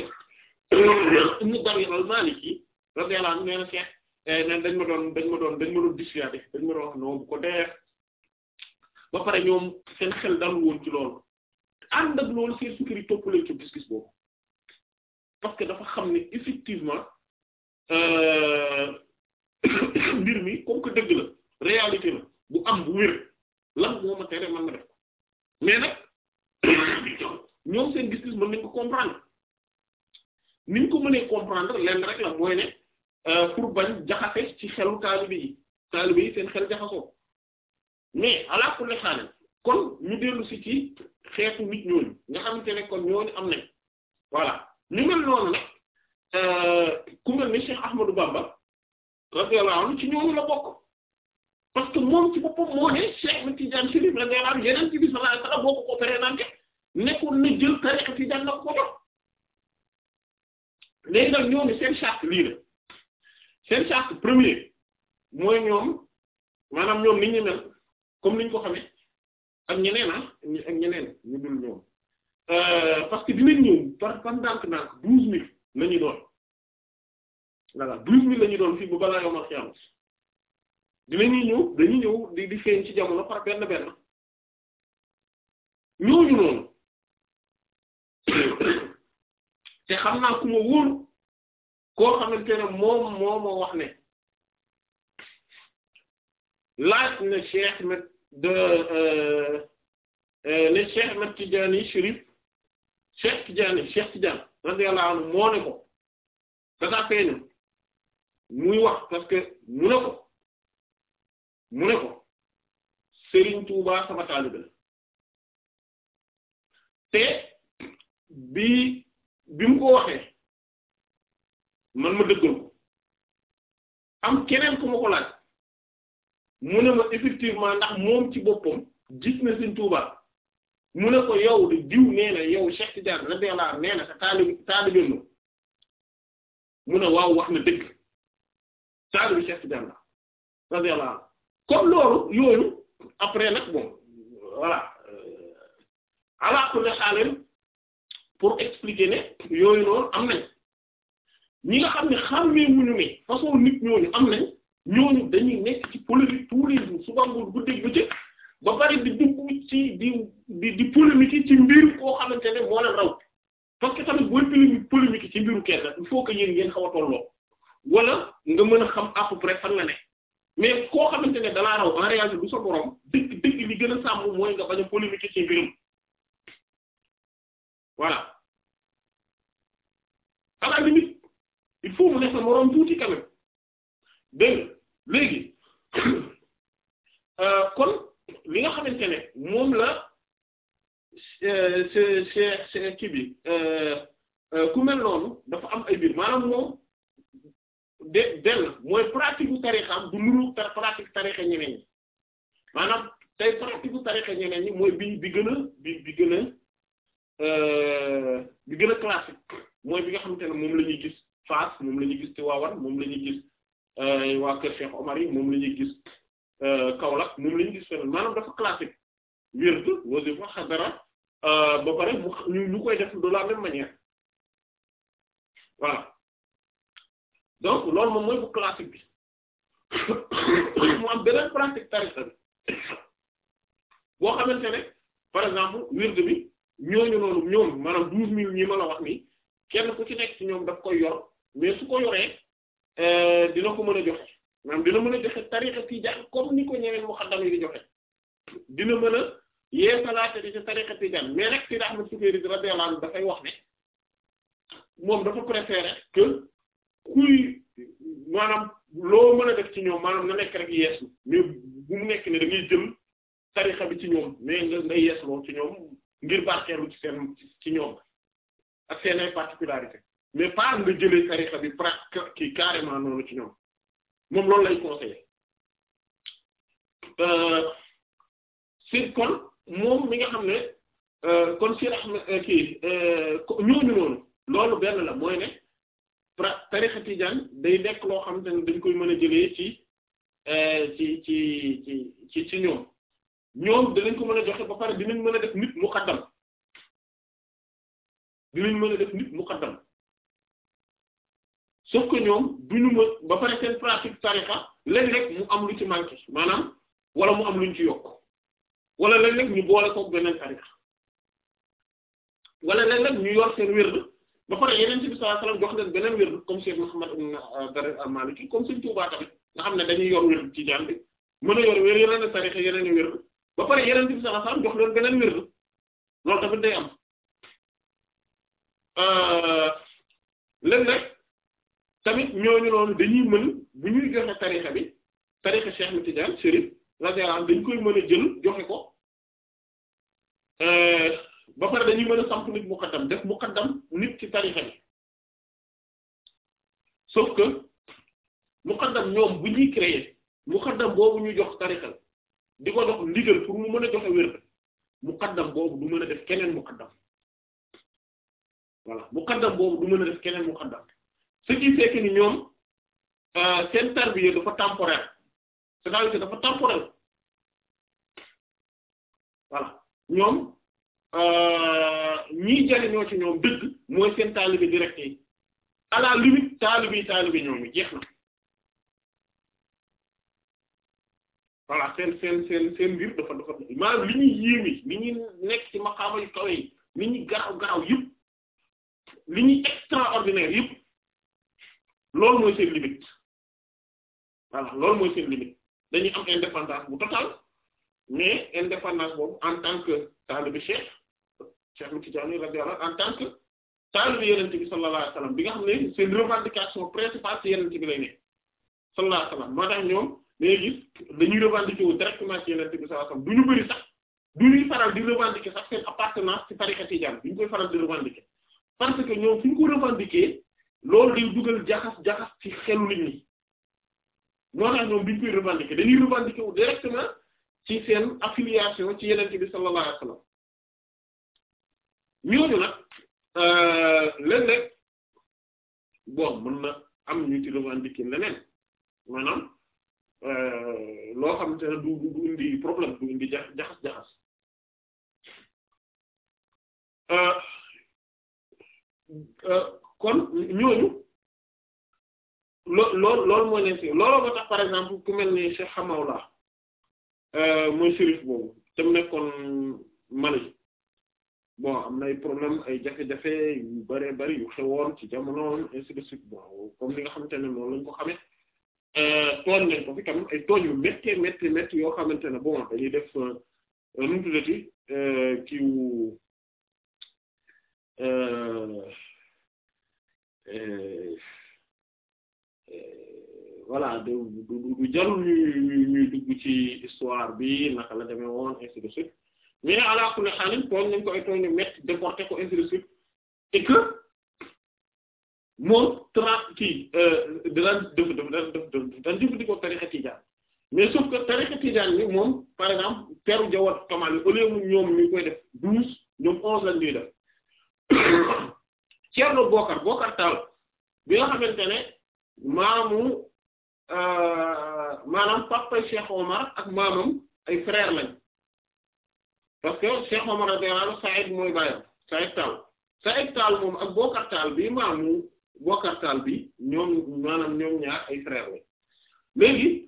ibn Darwin al-Maliki radiyallahu anhu eh, nee na dañ ma doon dañ ma doon dañ ma doon dissuader dañ ma doon wax non bu ko def ba pare ñoom seen xel dal woon ci loolu ànd ak loolu seen sukkir yi toppalee ci gis-gis boobu parce que dafa xam ne effectivement euh, mbir mi comme que dëgg la réalité la bu am bu wér lan moo ma tere man ma def mais nag ñoom seen gis-gis mën ko comprendre ni ko mënee comprendre lenn rek la mooy ne euh, pour bañ jaxase ci xelu taalibe yi taalibe yi seen xel jaxasoo mais ala kulli xaal kon ñu dellu si ci xeetu nit ñooñu nga xamante ne kon ñooñu am nañ voilà ñu mel noonu nag euh, ku mel ni Cheikh Ahmadou Bamba radiyallahu anhu ci ñooñu la bokk. parce que moom ci boppam moo ne Cheikh na Tidiane Chérif la ngay am yeneen ci bi sallallahu alayhi wasallam boo ko ko présenté nekkoon na jël tariqa Tidiane na ko ko jox léegi nag ñooñu seen charte lii la seen charte premier mooy ñoom maanaam ñoom ni ñu mel comme ni ñu ko xamee ak ñeneen ah ak ñeneen ñu dul ñoom euh, parce que dinañ ñëw par par ndànk-ndànk douze mille la doon voilà douze mille la doon fii bu balaa yomal xiyaam dinañuy ñëw dañuy ñëw di di feeñ ci jamono par benn benn ñooñu noonu te xam naa ku ma wóor koo xamante ne moom moo ma wax ne laaj na Cheikh Ahmed de euh, euh, ne Cheikh Ahmed Tidiane Chérif Cheikh Tidiane moo ne ko dafa feeñu muy wax parce mu ne ko mu ne ko Serigne Touba sama taalibe la te bi bi mu ko waxee man ma dëggal ko am keneen ku ma ko laaj mu ne ma effectivement ndax moom ci boppam gis na Serigne Touba mu ne ko yow de diw nee na yow Cheikh Tidiane radiyallahu nee sa taalibe taalibe mu ne waaw wax na dëgg taalibe Cheikh Tidiane la radiyallahu comme loolu yooyu après nag bon voilà euh, alaakule xaaleen pour expliquer ne yooyu noonu am nañ ñi nga xam ne xàmmee wuñu ne façon nit ñooñu am nañ ñooñu dañuy nekk ci polémique tous les jours suba ngu guddeeg bëccëg ba bari di dugg ci di di di polémique ci mbir koo xamante ne moo leen raw parce que tamit booy polémique ci mbiru kenn il faut que yéen ngeen xaw a tolloo wala nga mën a xam à peu près fan nga ne mais koo xamante ne dalaa raw en réalité du sa borom dëgg dëgg li gën a sàmm mooy nga bañ a polémique ci mbirum voilà à la il faut mu sa moroom tuuti quand même dégg léegi euh, kon li nga xamante ne moom la c'est euh, c'est c'est kii bi euh, ku mel noonu dafa am ay biir maanaam moom de benn mooy pratique bu du nuru tar pratique tariqa ñeneen ñi maanaam tey pratique bu ñeneen ñi mooy bi bi gën a bi bi gën a euh, bi gën a classique mooy bi nga xamante ne moom la ñuy gis moom la ñuy gis Tivaouane moom la ñuy gis euh, waa Kër moom lañuy ñuy gis euh, Kaolack moom la ñuy gis feneen maanaam dafa classique wird wazifa xadara ba pare mu ñu ñu koy def de la même manière donc loolu moom mooy bu classique bi mu am beneen pratique tariqa bi boo xamante ne par exemple wird bi ñooñu noonu ñoom maanaam douze mille ñi ma la wax nii kenn ku ci nekk ci ñoom daf koy yor mais su ko yoree euh, dina ko mën a joxe maanaam dina mën a joxe tariqa tijaan comme ni ko ñeneen muqaddam yi di joxe dina mën a yee salaate di ci tariqa tijaan mais nag Sidi Ahmad Sukayri radiyallahu anhu dafay wax ne moom dafa préférer que maanaam loo mën a def ci ñoom maanaam na nekk rek yeeslu mais bu mu nekk ne da jël tarixa bi ci ñoom mais nga nga yeesloo ci ñoom ngir barkeelu ci seen ci ñoom mais pas nga jëlee tarixa bi pratique kii carrément noonu ci ñoom loolu lay conseiller euh, si kon moom mi nga xam ne euh, kon si raxma euh, kii ñooñu noonu loolu benn la mooy ne tarixa tijaan day nekk loo xamante ne dañ koy mën a jëlee ci euh, ci ci ci ci ci ñoom ñoom dinañ ko mën a joxe ba pare dinañ mën a def nit muqaddam dinañ mën a def nit muqaddam sauf que ñoom duñu ma ba pare seen pratique tarixa léeg-léeg mu am lu ci manqué maanaam wala mu am luñ ci yokk wala léeg-léeg ñu boole koog beneen tarixa wala léeg-léeg ñu yor seen wér ba pare yeneen ci bi sallallahu jox leen beneen wérdu comme Cheikh Mouhamed ibn Darr al-Maliki comme Sëriñ Tuubaa tamit nga xam ne dañuy yor wérdu ci jaan bi mën a yor wér yeneen tarixa yeneen wérdu ba pare yeneen ci bi sallallahu jox leen beneen wérdu loolu tamit day am euh, léegi nag tamit ñooñu noonu dañuy mën bu ñuy joxe tarixa bi tarixa Cheikh Ahmed Tidiane Chérif radiyallahu anhu dañ koy mën a jël joxe ko euh, ba pare dañuy mën a samp nit muqaddam def muqaddam nit ci tarixa bi sauf que muqaddam ñoom bu ñuy créer muqaddam boobu ñu jox tarixa di ko dox ndigal pour mu mën a joxe wér muqaddam boobu du mën a def keneen muqaddam voilà muqaddam boobu du mën a def keneen muqaddam ce qui fait ni ñoom euh, seen tarbiya dafa temporaire cest à dafa temporaire voilà ñoom Euh, ñii jariñoo ci ñoom dëgg mooy seen taalibe direct yi à la limite taalibe yi taalibe ñoom yi jeex na voilà seen seen seen mbir dafa dafa maanaam li ñuy yéeme li ñuy nekk ci maqaama yu kawe yi li ñuy garaw garaw yëpp li ñuy extraordinaire yëpp loolu mooy seen limite voilà loolu mooy seen limite dañuy am indépendance bu totale mais indépendance boobu en tant que taalibe chef Cheikh Tidiane radiyallahu anhu bi nga xam ne seen revendication principale ci yonent bi lay ne dañuy revendiquer wu directement ci yonent du ñu bëri sax du ñuy faral di revendiquer sax seen appartenance ci tariqa Tidiane du ñu koy faral di revendiquer parce que ñoom fu ñu ko revendiquer loolu day dugal jaxas jaxas ci xelu nit ñi moo tax ñoom bi ñu koy revendiquer dañuy revendiquer wu directement ci seen affiliation ci yonent bi sallallahu alayhi wa ñooñu nag euh, léeg-léeg bon mën na am ñu ci revendiquer leneen maanaam euh, loo xamante ne du du indi problème du indi jaxas jaxas euh, kon ñooñu loo loolu loolu moo looloo nga tax par exemple ku mel ni Cheikh Hamawla mooy shérif boobu te mu nekkoon Mali bon am na ay problème ay jafe-jafe yu bëree bëri yu xewoon ci jamono ainsi de suite bon comme li nga xamante ne noonu lañ ko xamee euh, tooñ nañ ko fi tamit ay tooñ yu méttee métti métti yoo xamante ne bon dañuy def euh, euh, nu mu tuddati voilà du du du jarul ñuy ñuy dugg ci histoire bi naka la demee woon de suite mais ala kulli xaalis tooñ nañ ko ay tooñ yu métti déporté ko ainsi de suite et que moom tra kii euh, dana def def dana def dana jëfandikoo tarixa tijaan mais sauf que tarixa tijaan bi moom par exemple teru jawat kamal yi au lieu ñoom ñu koy def douze ñoom onze lañ ñuy def Ceerno Bokar Bokar Taal bi nga xamante ne maamu euh, maanaam papa Cheikh Omar ak maamam ay frère lañ. parce que Cheikh Omar radiyallahu anhu Saïd mooy bàyyam Saïd Tall Saïd Tall moom ak Bokar Tall bi maamu Bokar Tall bi ñoom maanaam ñoom ñaar ay frère la léegi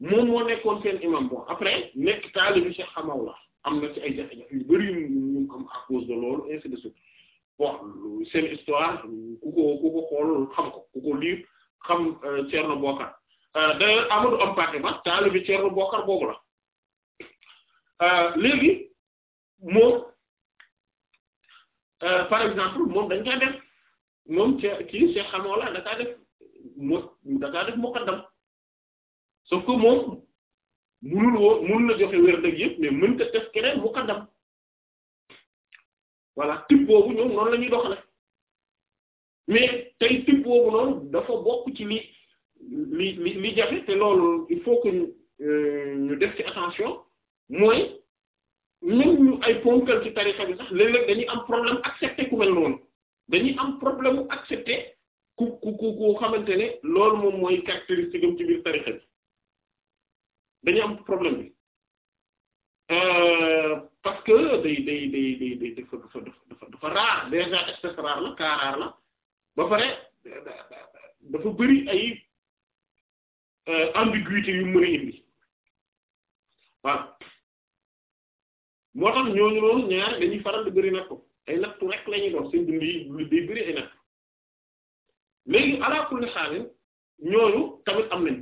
moom moo nekkoon seen imam bon après nekk taalibi Cheikh Hamawla am na ci ay jafe-jafe yu bari ñu am à cause de loolu de suite bon seen histoire ku ko ku ko xool xam ko ku ko liir xam euh, Thierno Bokar euh, d'ailleurs Amadou Hampâté Ba taalibi Thierno Bokar boobu la euh, léegi. moom euh, par exemple moom dañ koy def moom ca kii Cheikh Hamola da kaa def mo da kaa def muqaddam sauf que moom mënul woo mën na joxe wér dëgg yëpp mais mën ta def keneen muqaddam voilà type boobu ñoom noonu la ñuy doxale mais tey type boobu noonu dafa bokk ci li li li li jafe te loolu il faut que ñu euh, def ci attention mooy même ñu ay ponkal ci tarixa bi sax léeg dañuy am problème accepter ku dañuy am problème ku ku xamante ne loolu moom mooy caractéristique am ci biir tarixa bi dañuy am problème bi euh, parce que day day day day day dafa dafa dafa dafa rare déjà espèce rare la cas rare la ba pare dafa bari ay euh, ambiguïté yu mën a indi waaw moo tax ñooñu noonu ñaar dañuy faral di bëri nattu ay nattu rek la ñuy doon seen dund yi day bëri ay nattu léegi ala kulli xaalis ñooñu tamit am nañ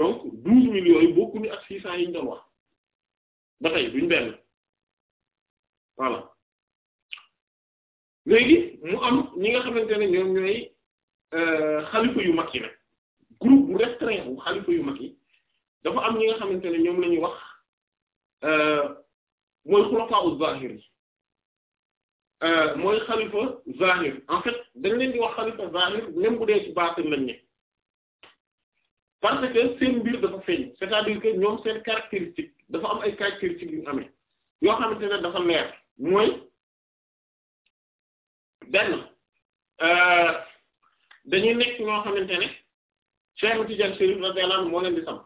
donc douze millions yi bokkuñu ak six cent yi doon wax ba tey duñ benn voilà léegi mu am ñi nga xamante ne ñoom ñooy euh, xalifa yu mag yi nag groupe bu restreint bu xalifa yu mag yi dafa am ñi nga xamante ne ñoom la ñuy wax. Euh, mooy xulafaa u zahir euh, mooy xalifa zahir en fait dañ leen di wax xalifa zahir même bu dee ci baatin lañ ne parce seen mbir dafa feeñ c'est-à-dire ñoom seen caractéristique dafa am ay caractéristiques yu ñu amee yoo xamante ne dafa leer mooy benn euh, dañuy nekk ñoo xamante ne Cheikh Tidiane Chérif radiyallahu anhu moo leen di sam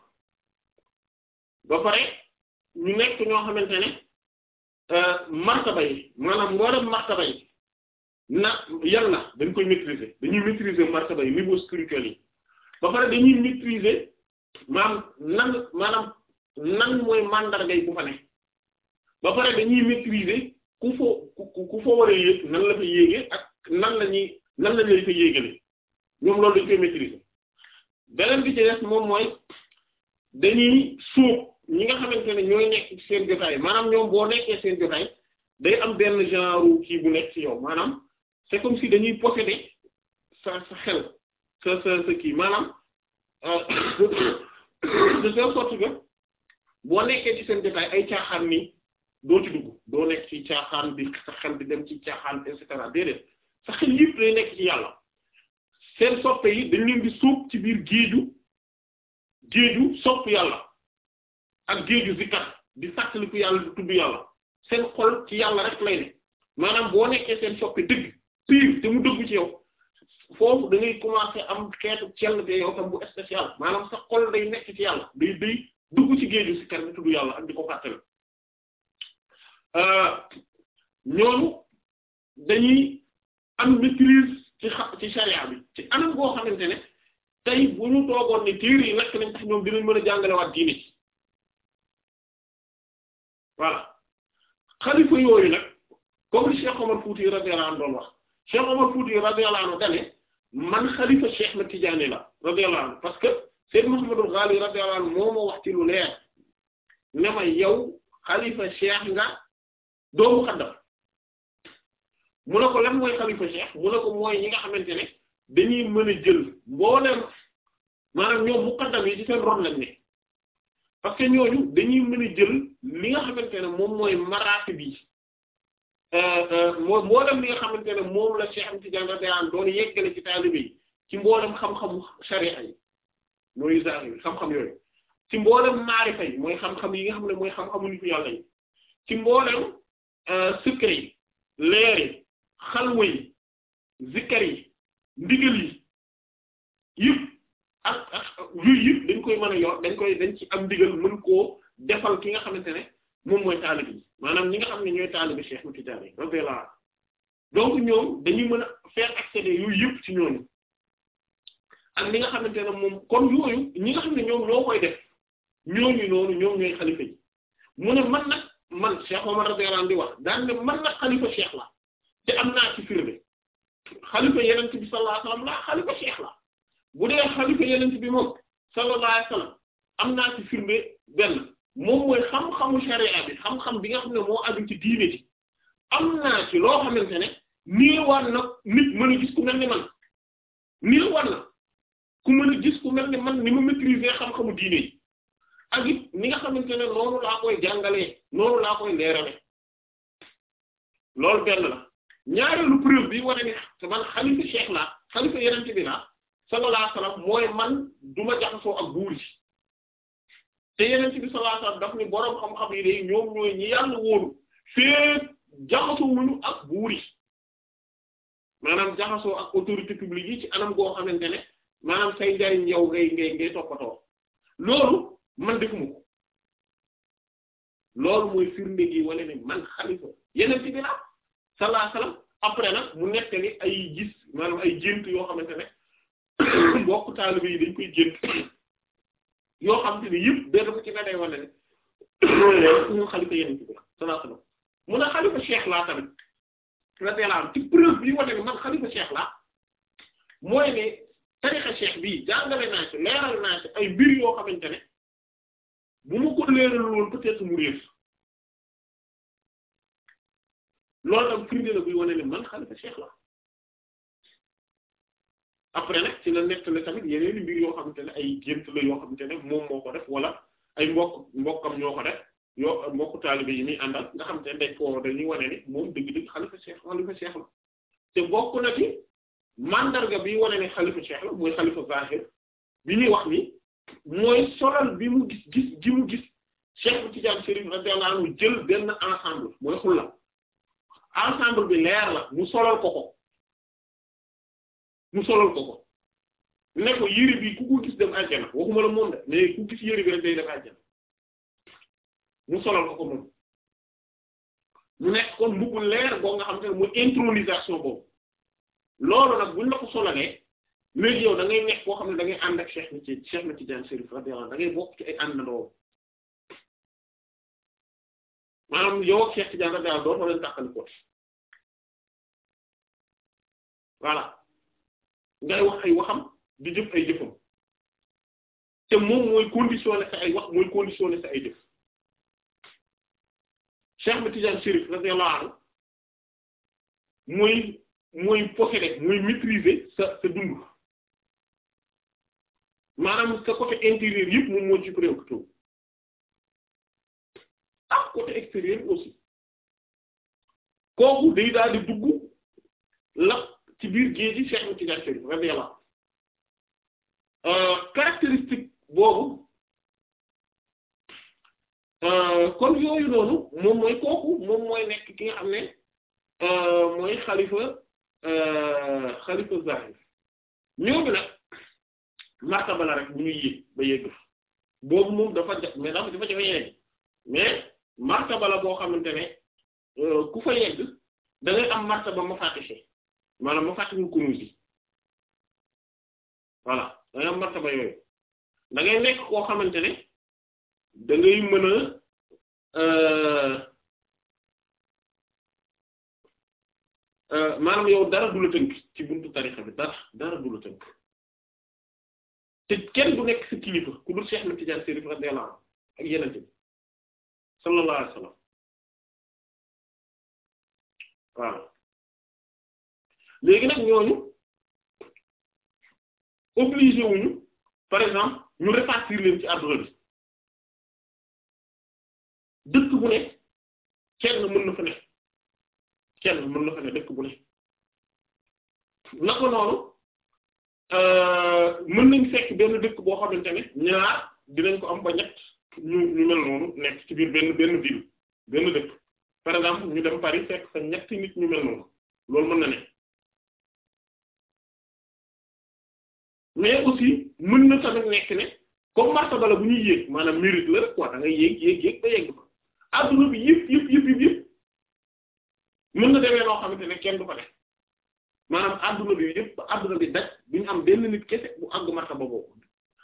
ba pare ñu nekk ñoo xamante ne Euh, martaba yi maanaam mboolem martaba yi na yàlla dañ koy maîtriser dañuy maîtriser martaba yi niveau spirituel yi ba pare dañuy maîtriser maanaam nan maanaam nan mooy mandarga yi ku fa ne ba pare dañuy maîtriser ku foo ku ku foo war a yéeg nan la fa yéegee ak nan la ñuy nan la ñuy fa yéegale ñoom loolu dañ koy maîtriser beneen bi ci des moom mooy dañuy suuf. ñi nga xamante ne ñooy nekk ci seen jotaay maanaam ñoom boo nekkee seen jotaay day am benn genre kii bu nekk ci yow maanaam c'est comme si dañuy posséder xel sa kii maanaam euh, de telle sorte que boo nekkee ci seen jotaay ay caaxaan nii doo ci dugg doo nekk ci caaxaan bi sa xel bi dem ci caaxaan et cetera déedéet sa xel yëpp day nekk ci yàlla seen soppe yi dañ leen suub ci biir géeju géeju sopp yàlla ak géeju zikar di fàttaliku yàlla di tudd yàlla seen xol ci yàlla rek lay ne maanaam boo nekkee seen soppe dëgg pire te mu dëgg ci yow foofu da ngay commencer am xeetu cell te yow tam bu spécial maanaam sax xol day nekk ci yàlla day day dugg ci géeju zikar di tudd yàlla ak di ko fàttali euh, ñooñu dañuy am maîtrise ci xa ci charia bi ci anam boo xamante ne tey bu ñu toogoon ne téere yi nekk nañ tax ñoom dinañ mën a jàngalewaat diine ci voilà xalifa yooyu nag comme li Cheikh Omar Fouti radiyallahu doon wax Cheikh Omar Fouti radiyallahu anhu dane man xalifa Cheikh na Tidiane la radiyallahu anhu parce que Seydou Mouhamadou Ghali radiyallahu anhu moo ma wax ci lu leer ne ma yow xalifa Cheikh nga doomu xaddam mu ne ko lan mooy xalifa Cheikh mu ne ko mooy ñi nga xamante ne dañuy mën a jël mboolem maanaam ñoom muqaddam yi ci seen ron lañ ne parce que ñooñu dañuy mën a jël li nga xamante ne moom mooy maraati bi euh, euh, moom mboolem li nga xamante ne moom la Cheikh Tidiane radiyallahu anhu doon yeggale ci taalibe yi ci mboolem xam-xamu sharia yi mooy zahir xam-xam yooyu ci mboolem maarifa yi mooy xam-xam yi nga xam ne mooy xam-xamu nitu yàlla yi ci mboolem euh, secret yi leer xalwa yi zikkar yi ndigal yi yëpp ak ak yooyu yëpp dañ koy mën a yor dañ koy dañ ci am digal mën koo defal ki nga xamante ne moom mooy taalibe bi maanaam ñi nga xam ne ñooy taalibe Cheikh Tidiane radiyallahu anhu donc ñoom dañuy mën a faire accéder yooyu ci ñooñu ak li nga xamante ne moom kon yooyu ñi nga xam ne ñoom ñoo koy def ñooñu noonu ñoom ñooy xalifa yi mu ne man nag man Cheikh Omar radiyallahu anhu di wax daan ne man nag xalifa seex la te am naa ci firnde xalifa Yonent bi sallallahu alayhi wasallam xalifa Cheikh la. bu dee xalifa yenent bi moom sallallahu alayhi am naa ci firnde benn moom mooy xam-xamu sharia bi xam-xam bi nga xam ne moo aju ci diine ji am naa ci loo xamante ne nii war na nit mën gis ku mel ni man nii war na ni man ma maîtriser xam-xamu diine yi ak it ni nga xamante ne noonu laa koy jàngalee noonu laa koy leerale loolu benn la ñaareelu preuve bi wane ni man xalifa cheikh laa xalifa yenent bi laa sallallahu alayhi mooy man du ma jaxasoo ak buur yi te yeneen ci bi sallallahu alayhi daf ni boroom xam-xam yi ñoom ñooy ñi yàlla wóolu féet jaxasoo ak buur yi maanaam jaxasoo ak autorité publique yi ci anam goo xamante ne maanaam say njariñ yow ngay ngay ngay toppatoo loolu man defuma ko loolu mooy firnde gi wane ne man xalifa yeneen ci bi la après nag mu nettali ay gis maanaam ay gént yoo xamante ne bokk taalibe yi dañ koy gént yoo xam te ne yëpp benn ko ci na day wane ne mun a xalifa cheikh tamit radiyallahu anhu ci bi wane ne man xalifa cheikh mooy ne tarixa cheikh bii jàngale naa ci leeral naa ci ay mbir yoo xamante ne bu ma ko leeral woon peut-être mu loolu tam firnde la buy wane ne man xalifa cheikh après nag ci la nettali tamit yeneen i mbir yoo xamante ne ay gént la yoo xamante ne moom moo ko def wala ay mbokk mbokkam ñoo ko def yoo mbokku taalibe yi muy àndal nga xamante ne day ko dañuy wane ni moom dëgg-dëgg xalifa cheikh xalifa cheikh la te bokk na ci mandarga bi wane ne xalifa cheikh la mooy xalifa zahir bi ñuy wax ni mooy solal bi mu gis gis gi mu gis cheikh bi ci jàmm Serigne radiyallahu anhu jël benn ensemble mooy xulla ensemble bi leer la mu solal ko ko mu solal ko ko ne ko yëre bi ku ko gis dem àjjana waxuma la moom de mais ku gis yëre bi rek day dem mu solal ko ko moom mu nekk kon mbubu leer boo nga xam te ne mooy intronisation boobu loolu nag buñ la ko solalee léegi yow da nekk koo xam ne da ngay ànd ak Cheikh na ci Cheikh na ci Tijaan Chérif radiyallahu da ngay bokk ci ay àndandoo maanaam yow ak Cheikh Tijaan radiyallahu dootoo leen tàqali ko voilà ngay wax ay waxam di jëf ay jëfam te moom mooy conditionné sa ay wax mooy conditionné sa ay jëf Cheikh Ahmed Tidiane Chérif radiyallahu mooy mooy posséder mooy maîtriser sa sa dund maanaam sa côté intérieur yëpp moom moo ci préoccupé ak côté day daal di dugg la ci biir géej gi Cheikh Tidiane Chérif radiyallahu euh, caractéristique boobu euh, kon yooyu noonu moom mooy kooku moom mooy nekk ki nga xam ne euh, mooy xalifa xalifa zahir ñooñu nag martaba la rek bu ñuy yéeg ba yéeg boobu moom dafa dafa dafa jafe yegg mais martaba boo xamante ne ku fa yegg da am martaba ma fàtte maanaam mafatihul kunuuz yi voilà danga martaba yooyu da nekk koo xamante ne da ngay mën a euh, euh, maanaam yow dara du tënk ci buntu tarixa bi dara dara du la tënk te kenn du nekk sa kilifa ku dul Cheikh Ahmed Tidiane Chérif ak yenente bi sallallahu waaw léegi nag ñooñu obligé par exemple ñu répartir leen ci àdduna bi dëkk bu ne kenn mën na fa kenn mën na fa dëkk bu ne na noonu euh, mën nañ fekk benn dëkk boo xamante ne ñaar dinañ ko am ba ñett ñu mel noonu nekk ci biir benn benn ville benn dëkk par exemple ñu dem Paris fekk fa ñetti nit ñu mel noonu loolu mën na ne mais aussi mën na tamit nekk ne comme martaba la bu ñu yéeg maanaam mérite la rek quoi da ngay yéeg yéeg yéeg ba yegg fa adduna bi yëpp yëpp yëpp mën na demee loo xamante ne kenn du fa def maanaam adduna bi yëpp adduna bi daj bu ñu am benn nit kese bu àgg martaba boobu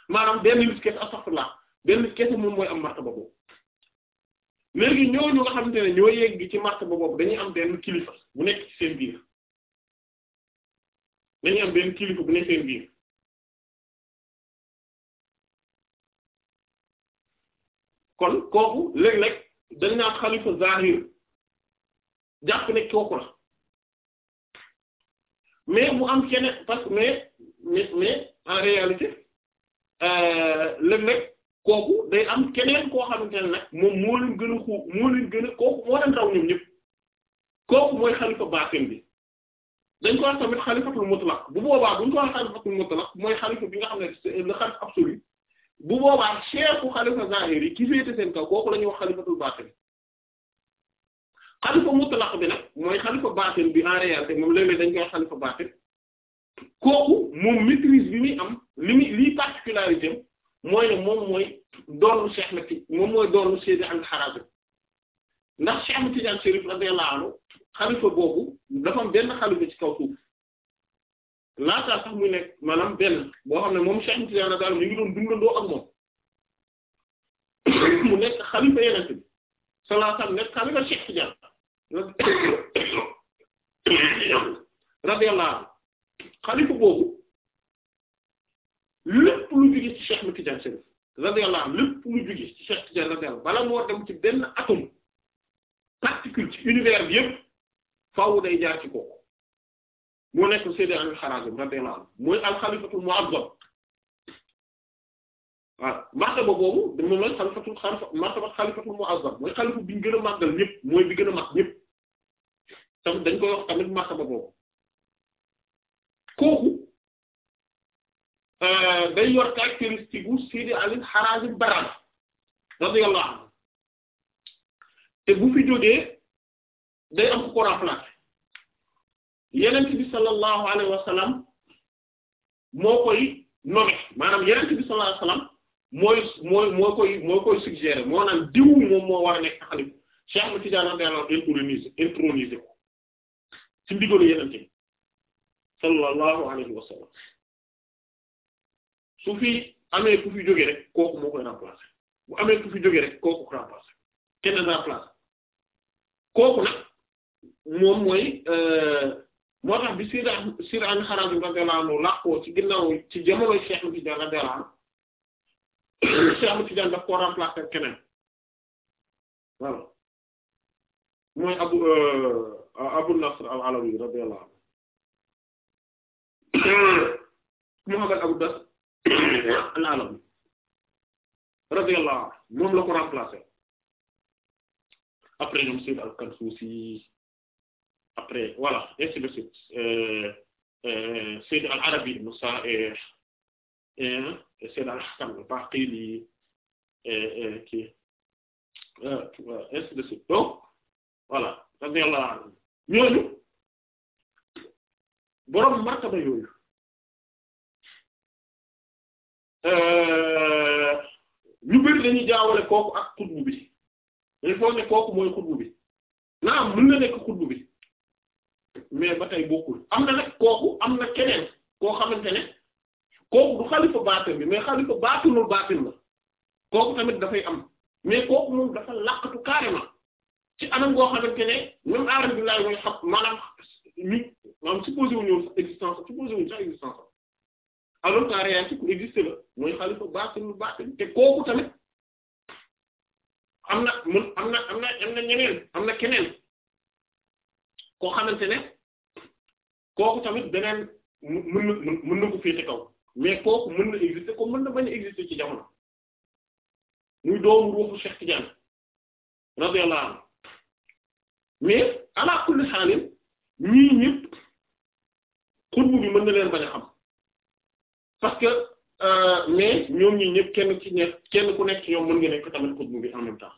maanaam benn nit kese astaghfirullah benn kese moom mooy am martaba boobu léegi ñooñu nga xamante ne ñoo yegg ci martaba boobu dañu am benn kilifa bu nekk ci seen biir dañuy am kon kooku léeg-léeg dañ naan xalifa zahir jàpp ne kooku la mais bu am keneen parce que mais mais mais en réalité euh, léeg-léeg kooku day am keneen koo xamante ne nag moom moo leen gën a xuu moo leen gën a kooku moo leen raw ñoom ñëpp kooku mooy xalifa baatin bi dañ ko wax tamit xalifatul mutlaq bu boobaa buñ ko wax xalifatul mutlaq mooy xalifa bi nga xam ne xalif absolu bu boobaa cheikhu xalifa zahiri yi ki féete seen kaw kooku la ñuy wax xalifatul baatin xalifa mutlaq bi nag mooy xalifa baatin bi en moom léeg dañ koy xalifa baatin kooku moom maîtrise bi muy am li muy lii particularité am mooy ne moom mooy doonu cheikh na ci moom mooy doonu Seydi al Harabi ndax Cheikh Tidiane Chérif radiyallahu anhu xalifa boobu dafa am benn xalifa ci kaw suuf laataa sax muy nekk maanaam benn boo xam ne moom Cheikh Tidiane daal mi ngi doon dundandoo ak moom mu nekk xalifa Yonent bi sallallahu alayhi wasallam nekk xalifa Cheikh Tidiane radiyallahu anhu xalifa lépp lu jóge ci Cheikh Tidiane Chérif radiyallahu anhu lépp lu jóge ci Cheikh Tidiane bala moo dem ci benn atome particule ci univers bi yëpp day jaar ci kooku. moo nekk Seydi Ali Harazim radiyallahu anhu mooy alxalifatul mu'azzam waaw martaba boobu moom la xalifatul martaba xalifatul mu'azzam mooy xalifa bi gën a màggal ñëpp mooy bi gën a mag ñëpp tamit dañ koy wax tamit martaba boobu kooku euh, day yor caractéristique gu Seydi Ali Harazim Baran radiyallahu anhu te bu fi jógee day am ko ko yenent bi sallallahu alayhi wa moo koy nommé maanaam yenent bi sallallahu alayhi wa mooy mooy moo koy moo koy suggéré moo naan diw moom moo war a nekk xalif Cheikh Ahmed Tidiane radiyallahu anhu introniser introniser ko ci ndigalu yenent bi sallallahu alayhi wa sallam su fi amee ku fi jóge rek kooku moo koy remplacer bu amee ku fi jóge rek kooku ko kenn remplacer kooku nag moom mooy euh, moo tax bi Sir Sir Al Harazim radiyallahu anhu làqoo ci ginnaaw ci jamono Cheikh Tidiane radiyallahu anhu Cheikh Tidiane daf koo remplacer keneen voilà mooy Abu euh, Abu Nasr Al Alawi radiyallahu moom la ko remplacer après ñoom Sir Al Kansusi après voilà ainsi de suite euh, euh, Sayyid al-Arabi ibn Sa'ih et Sayyid al-Hakam al-Baqili kii euh, ainsi de suite donc voilà radiyallahu anhu ñooñu boroom martaba yooyu ñu bëri ak xutbu bi il faut ne kooku mooy xutbu bi naam mën na nekk xutbu bi mais ba tey bokkul am na nag kooku am na keneen koo xamante ne kooku du xalifa baatin bi mais xalifa baatinul baatin la kooku tamit dafay am mais kooku moom ci anam goo xamante ne même aarab bi laay mooy xam maanaam ñu maanaam supposé wu ñëw sax existence supposé wu la te kooku tamit na am na am na am na ñeneen am na keneen koo xamante ne kooku tamit beneen mën na mën na ko féete kaw mais kooku mën na exister comme mën na bañ a exister ci jamono muy doomu ruuxu Cheikh Tidiane radiyallahu anhu mais ala kulli xaalin ñii ñëpp xutbu bi mën na leen bañ a xam parce que euh, mais ñoom ñi ñëpp kenn ci ñett kenn ku nekk ci ñoom mën nga nekk tamit xutbu bi en même temps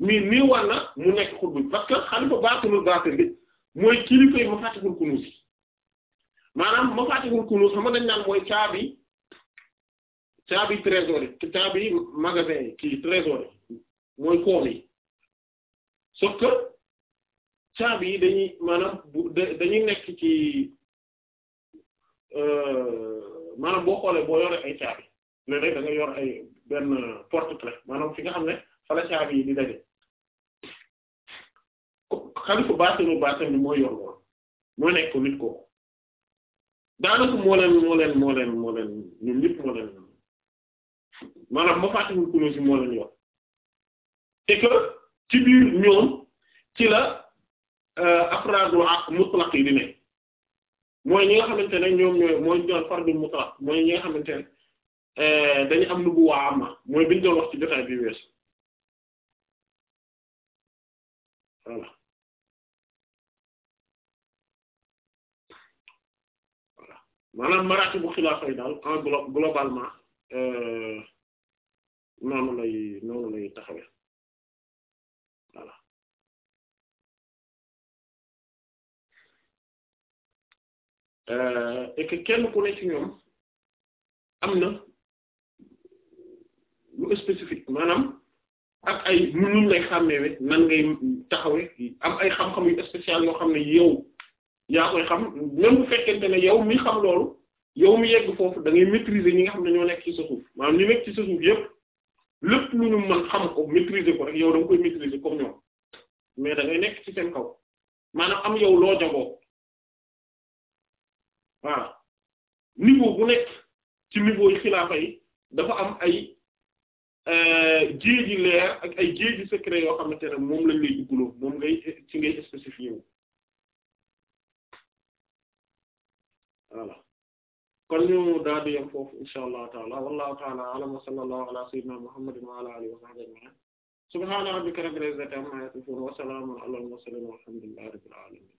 mais nii war na mu nekk xutbu bi parce que xalifa baatinul baatin bi mooy kilifa yi mafatihul kunuz maanaam mafatihul kunuz xam nga dañ naan mooy caabi caabi trésor yi caabi magasin yi kii trésor yi mooy koom yi sauf que caabi yi dañuy maanaam dañuy nekk ci euh, maanaam boo xoolee boo yore ay caabi léeg-léeg yor ay benn porte-clé maanaam fi nga xam ne fa la caabi yi di daje. xalifa baatinu baatin bi mooy yor moom moo nekk nit ko daanaka moo leen moo leen moo leen moo leen ñun ñëpp moo leen maanaam ma fàttali kuno si moo leen yor et que ci biir ñoom ci la euh, afraadu ak mutlaq yi di nekk mooy ñi nga xamante ne ñoom ñooy mooy doon fardu mutlaq mooy ñi nga xamante ne euh, dañu am nubu waa ama mooy biñ doon wax ci jotaay bi weesu voilà maanaam maratibu xilaafa yi daal en glo euh, noonu lay noonu lay taxawee voilà euh, et que kenn ku ne ci ñoom am na lu spécifique maanaam ak ay nu ñu lay xàmmeewe nan ngay taxawe am ay xam-xam yu spécial yoo xam ne yow yaa koy xam même bu fekkente ne yow mi xam loolu yow mi yegg foofu da ngay maîtriser ñi nga xam ne ñoo nekk ci sa suuf maanaam ñu nekk ci sa suuf yépp lépp lu ñu mën xam ko maîtriser ko rek yow da koy maîtriser comme ñoom mais da ngay nekk ci seen kaw maanaam am yaw loo jagoo voilà niveau bu nekk ci niveau xilaafa yi dafa am ay euh, jéegi leer ak ay jéegi secret yoo xamante ne moom lañ lay duggloo moom ngay ci ngay spécifié voilà kon ñu daal di yem foofu insha allahu taala wallahu taala alam wa sallallahu ala sayyidina muhammadin wa ala alihi wa sahbihi ajma'in subhana rabbika rabbil izzati amma yasifun wa salamun ala al mursalin walhamdulillahi rabbil alamin